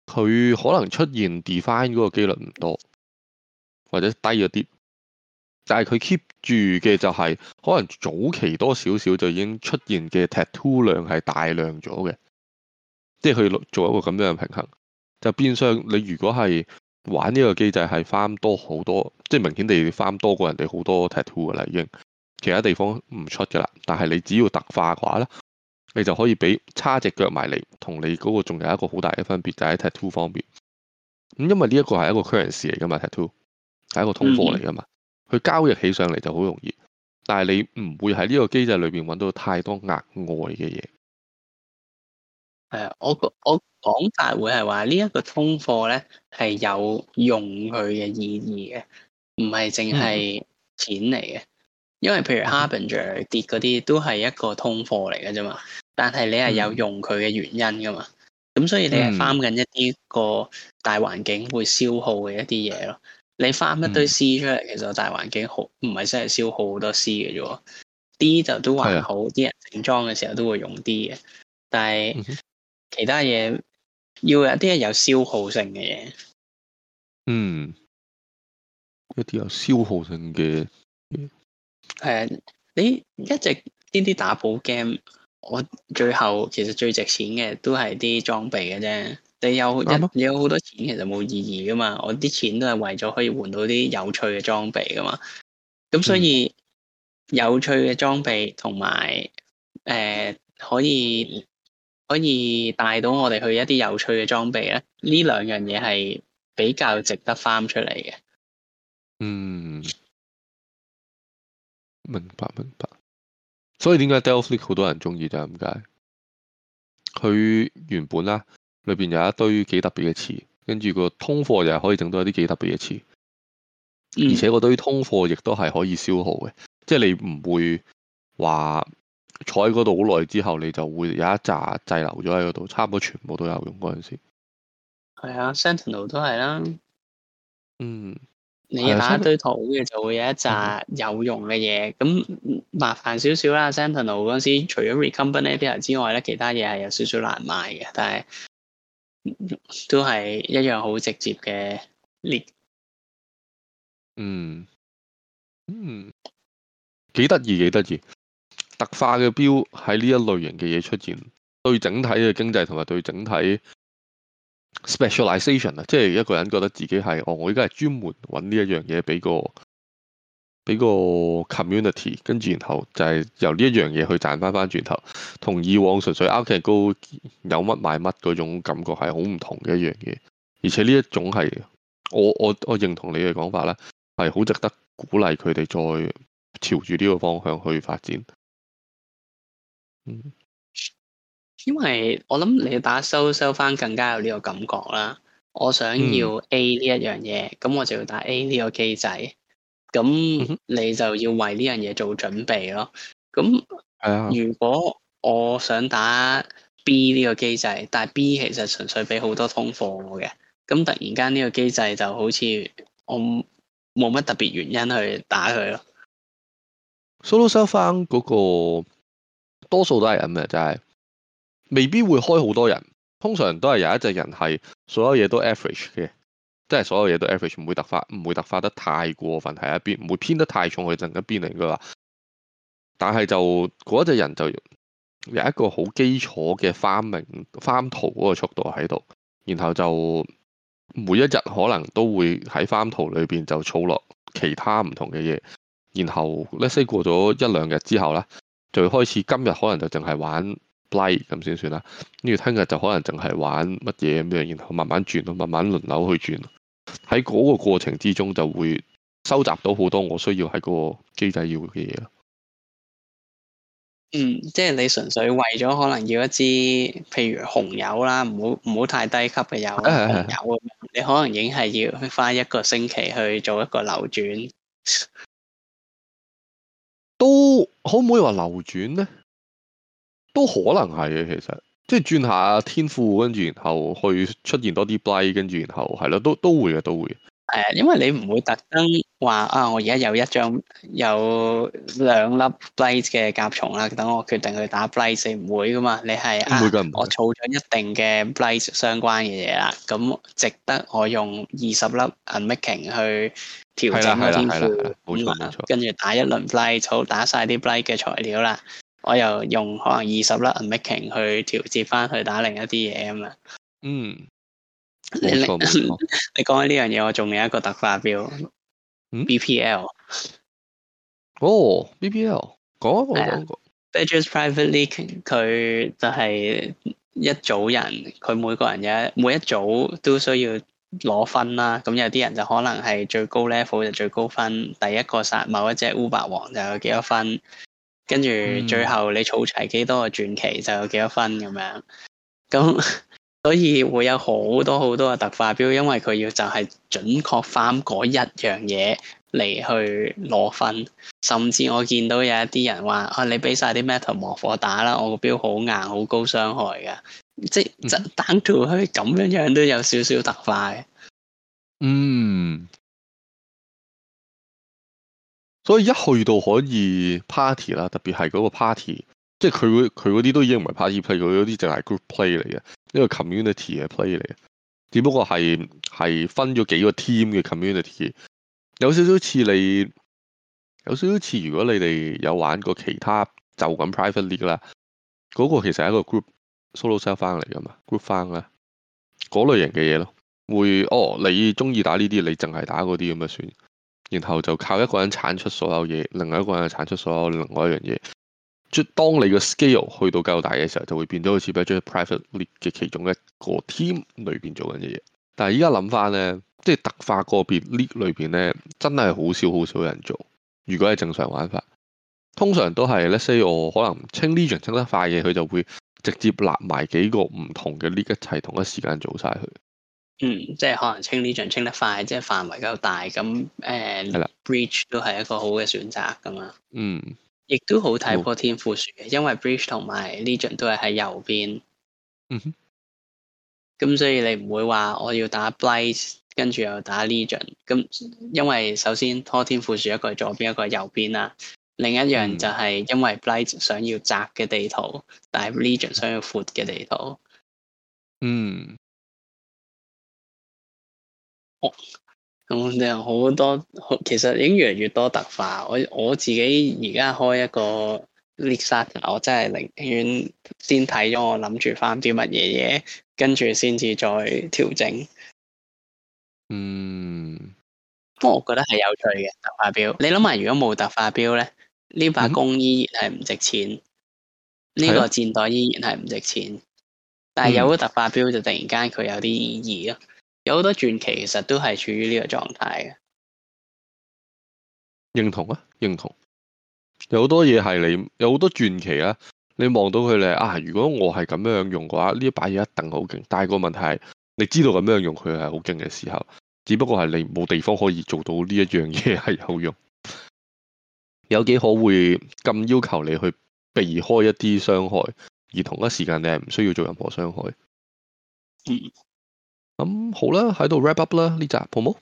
佢可能出現 define 嗰個幾率唔多，或者低咗啲，但係佢 keep 住嘅就係、是、可能早期多少少就已經出現嘅 tattoo 量係大量咗嘅，即係佢做一個咁樣嘅平衡。就變相你如果係玩呢個機制係翻多好多，即係明顯地翻多過人哋好多 tattoo 噶啦，已經其他地方唔出噶啦。但係你只要特化嘅話咧，你就可以比差隻腳埋嚟。同你嗰個仲有一個好大嘅分別，就喺、是、tattoo 方面。咁因為呢一個係一個 currency 嚟噶嘛，tattoo 係一個通貨嚟噶嘛，佢、嗯、交易起上嚟就好容易。但係你唔會喺呢個機制裏邊揾到太多額外嘅嘢。係啊，我我。講大會係話呢一個通貨咧，係有用佢嘅意義嘅，唔係淨係錢嚟嘅。因為譬如 Harbinger 跌嗰啲都係一個通貨嚟嘅啫嘛，但係你係有用佢嘅原因噶嘛。咁、嗯、所以你係翻緊一啲個大環境會消耗嘅一啲嘢咯。你翻一堆 C 出嚟，嗯、其實大環境好唔係真係消耗好多 C 嘅啫喎。D 就都還好，啲的人整裝嘅時候都會用 D 嘅，但係其他嘢。要有啲有消耗性嘅嘢，嗯，一啲有消耗性嘅，係、嗯，你一直呢啲打寶 game，我最後其實最值錢嘅都係啲裝備嘅啫，你有吧你有好多錢其實冇意義噶嘛，我啲錢都係為咗可以換到啲有趣嘅裝備噶嘛，咁所以、嗯、有趣嘅裝備同埋誒可以。可以帶到我哋去一啲有趣嘅裝備咧，呢兩樣嘢係比較值得翻出嚟嘅。嗯，明白明白。所以點解 Delve 好多人中意就係咁解？佢原本啦，裏邊有一堆幾特別嘅詞，跟住個通貨又係可以整到一啲幾特別嘅詞，而且個堆通貨亦都係可以消耗嘅，嗯、即係你唔會話。坐喺嗰度好耐之後，你就會有一紮滯，滯留咗喺嗰度，差唔多全部都有用嗰陣時。係啊，Sentinel 都係啦。嗯，你打一堆圖嘅就會有一紮有用嘅嘢。咁、嗯、麻煩少少啦，Sentinel 陣時除咗 Recombinator 之外咧，嗯、其他嘢係有少少難賣嘅，但係都係一樣好直接嘅列。嗯嗯，幾得意幾得意。特化嘅 Build 喺呢一類型嘅嘢出現，對整體嘅經濟同埋對整體 specialization 啊，即係一個人覺得自己係哦，我而家係專門揾呢一樣嘢，俾個俾個 community，跟住然後就係由呢一樣嘢去賺翻翻轉頭，同以往純粹 alch and go 有乜買乜嗰種感覺係好唔同嘅一樣嘢。而且呢一種係我我我認同你嘅講法啦，係好值得鼓勵佢哋再朝住呢個方向去發展。因為我諗你打 Solo 收翻更加有呢個感覺啦。我想要 A 呢一樣嘢，咁、嗯、我就要打 A 呢個機制。咁你就要為呢樣嘢做準備咯。咁如果我想打 B 呢個機制，但係 B 其實純粹俾好多通貨我嘅，咁突然間呢個機制就好似我冇乜特別原因去打佢咯。Solo 收翻嗰、那個。多數都係咁嘅，就係、是、未必會開好多人。通常都係有一隻人係所有嘢都 average 嘅，即、就、係、是、所有嘢都 average，唔會突發，唔會突發得太過分喺一邊，唔會偏得太重去陣一邊嚟嘅話。但係就嗰一隻人就有一個好基礎嘅翻明翻圖嗰個速度喺度，然後就每一日可能都會喺翻圖裏邊就儲落其他唔同嘅嘢，然後 let say 過咗一兩日之後咧。最開始今日可能就淨係玩 lite 咁先算啦，跟住聽日就可能淨係玩乜嘢咁樣，然後慢慢轉咯，慢慢輪流去轉，喺嗰個過程之中就會收集到好多我需要喺個機制要嘅嘢咯。嗯，即係你純粹為咗可能要一支譬如紅油啦，唔好唔好太低級嘅油油，你可能已經係要花一個星期去做一個流轉。都可唔可以話流轉咧？都可能係嘅，其實，即係轉下天賦，跟住然後去出現多啲 blaze 跟住然後，係咯，都都會嘅，都會。都會.誒，因為你唔會特登話啊，我而家有一張有兩粒 b l a z e 嘅甲蟲啦，等我決定去打 b l a z e 唔會噶嘛？你係、啊、我儲咗一定嘅 b l a z e 相關嘅嘢啦，咁值得我用二十粒 Unmaking 去調整個天賦，跟住打一輪 b l a z e 打晒啲 b l a z e 嘅材料啦，我又用可能二十粒 Unmaking 去調節翻去打另一啲嘢咁嘛。嗯。你你你講緊呢樣嘢，我仲有一個特化 Build，嗯、BPL 哦，BPL 嗰個我冇。b a t t l Private League 佢就係一組人，佢每個人有一每一組都需要攞分啦。咁有啲人就可能係最高 level 就最高分，第一個殺某一隻烏白王就有幾多分，跟住最後你儲齊幾多個傳奇就有幾多分咁，嗯、樣。咁所以會有好多好多嘅特化 Build，因為佢要就係準確翻嗰一樣嘢嚟去攞分，甚至我見到有一啲人話啊，你俾晒啲 meta 磨火打啦，我個 Build 好硬，好高傷害噶，即係 just down to 去咁樣樣都有少少特化。嗯，所以一去到可以 party 啦，特別係嗰個 party。即係佢會，佢嗰啲都已經唔係 private play，佢嗰啲淨係 group play 嚟嘅，一個 community 嘅 play 嚟嘅。只不過係係分咗幾個 team 嘅 community，有少少似你，有少少似如果你哋有玩過其他就咁 private league 啦，嗰、嗰個其實係一個 group solo self farm 嚟噶嘛，group farm 啦，嗰類型嘅嘢咯。會哦，你中意打呢啲，你淨係打嗰啲咁啊算，然後就靠一個人產出所有嘢，另外一個人又產出所有，另外，出所有另外一樣嘢。即當你個 scale 去到夠大嘅時候，就會變咗好似比較 private league 嘅其中一個 team 裏邊做緊嘅嘢。但係依家諗翻咧，即係特化個別 league 裏邊咧，真係好少好少人做。如果係正常玩法，通常都係 let’s say 我可能清 Legion 清得快嘅，佢就會直接立埋幾個唔同嘅 league 一齊同一時間做晒佢。嗯，即係可能清 Legion 清得快，即係範圍夠大。咁 Breach 都係一個好嘅選擇㗎嘛。呃、的嗯。亦都好睇過天賦樹嘅，因為 Blight 同埋 Legion 都係喺右邊。咁、嗯、哼所以你唔會話我要打 Blight，跟住又打 Legion 咁，因為首先拖天賦樹一個係左邊一個係右邊啦。另一樣就係因為 Blight 想要窄嘅地圖，嗯、但係 Legion 想要闊嘅地圖。嗯。Oh. 咁樣好多，其實已經越嚟越多特化。我我自己而家開一個 list 我真係寧願先睇咗，我諗住翻啲乜嘢嘢，跟住先至再調整。嗯，不過我覺得係有趣嘅特化標。你諗下，如果冇特化標咧，呢把弓依然係唔值錢，呢、嗯、個箭袋依然係唔值錢，嗯、但係有咗特化標就突然間佢有啲意義咯。有好多傳奇，其實都係處於呢個狀態嘅。認同啊，認同。有好多嘢係你，有好多傳奇啊。你望到佢咧啊，如果我係咁樣用嘅話，呢把嘢一定好勁。但係個問題係，你知道咁樣用佢係好勁嘅時候，只不過係你冇地方可以做到呢一樣嘢係有用。有幾可會咁要求你去避開一啲傷害，而同一時間你係唔需要做任何傷害？嗯咁好啦，喺度 wrap up 啦呢集，好唔好？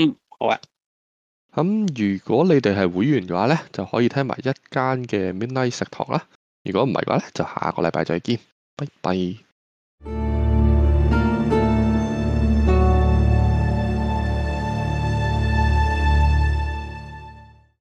嗯，好啊。咁、嗯嗯、如果你哋係會員嘅話呢，就可以聽埋一間嘅 Midnight 食堂啦。如果唔係嘅話呢，就下個禮拜再見，拜拜。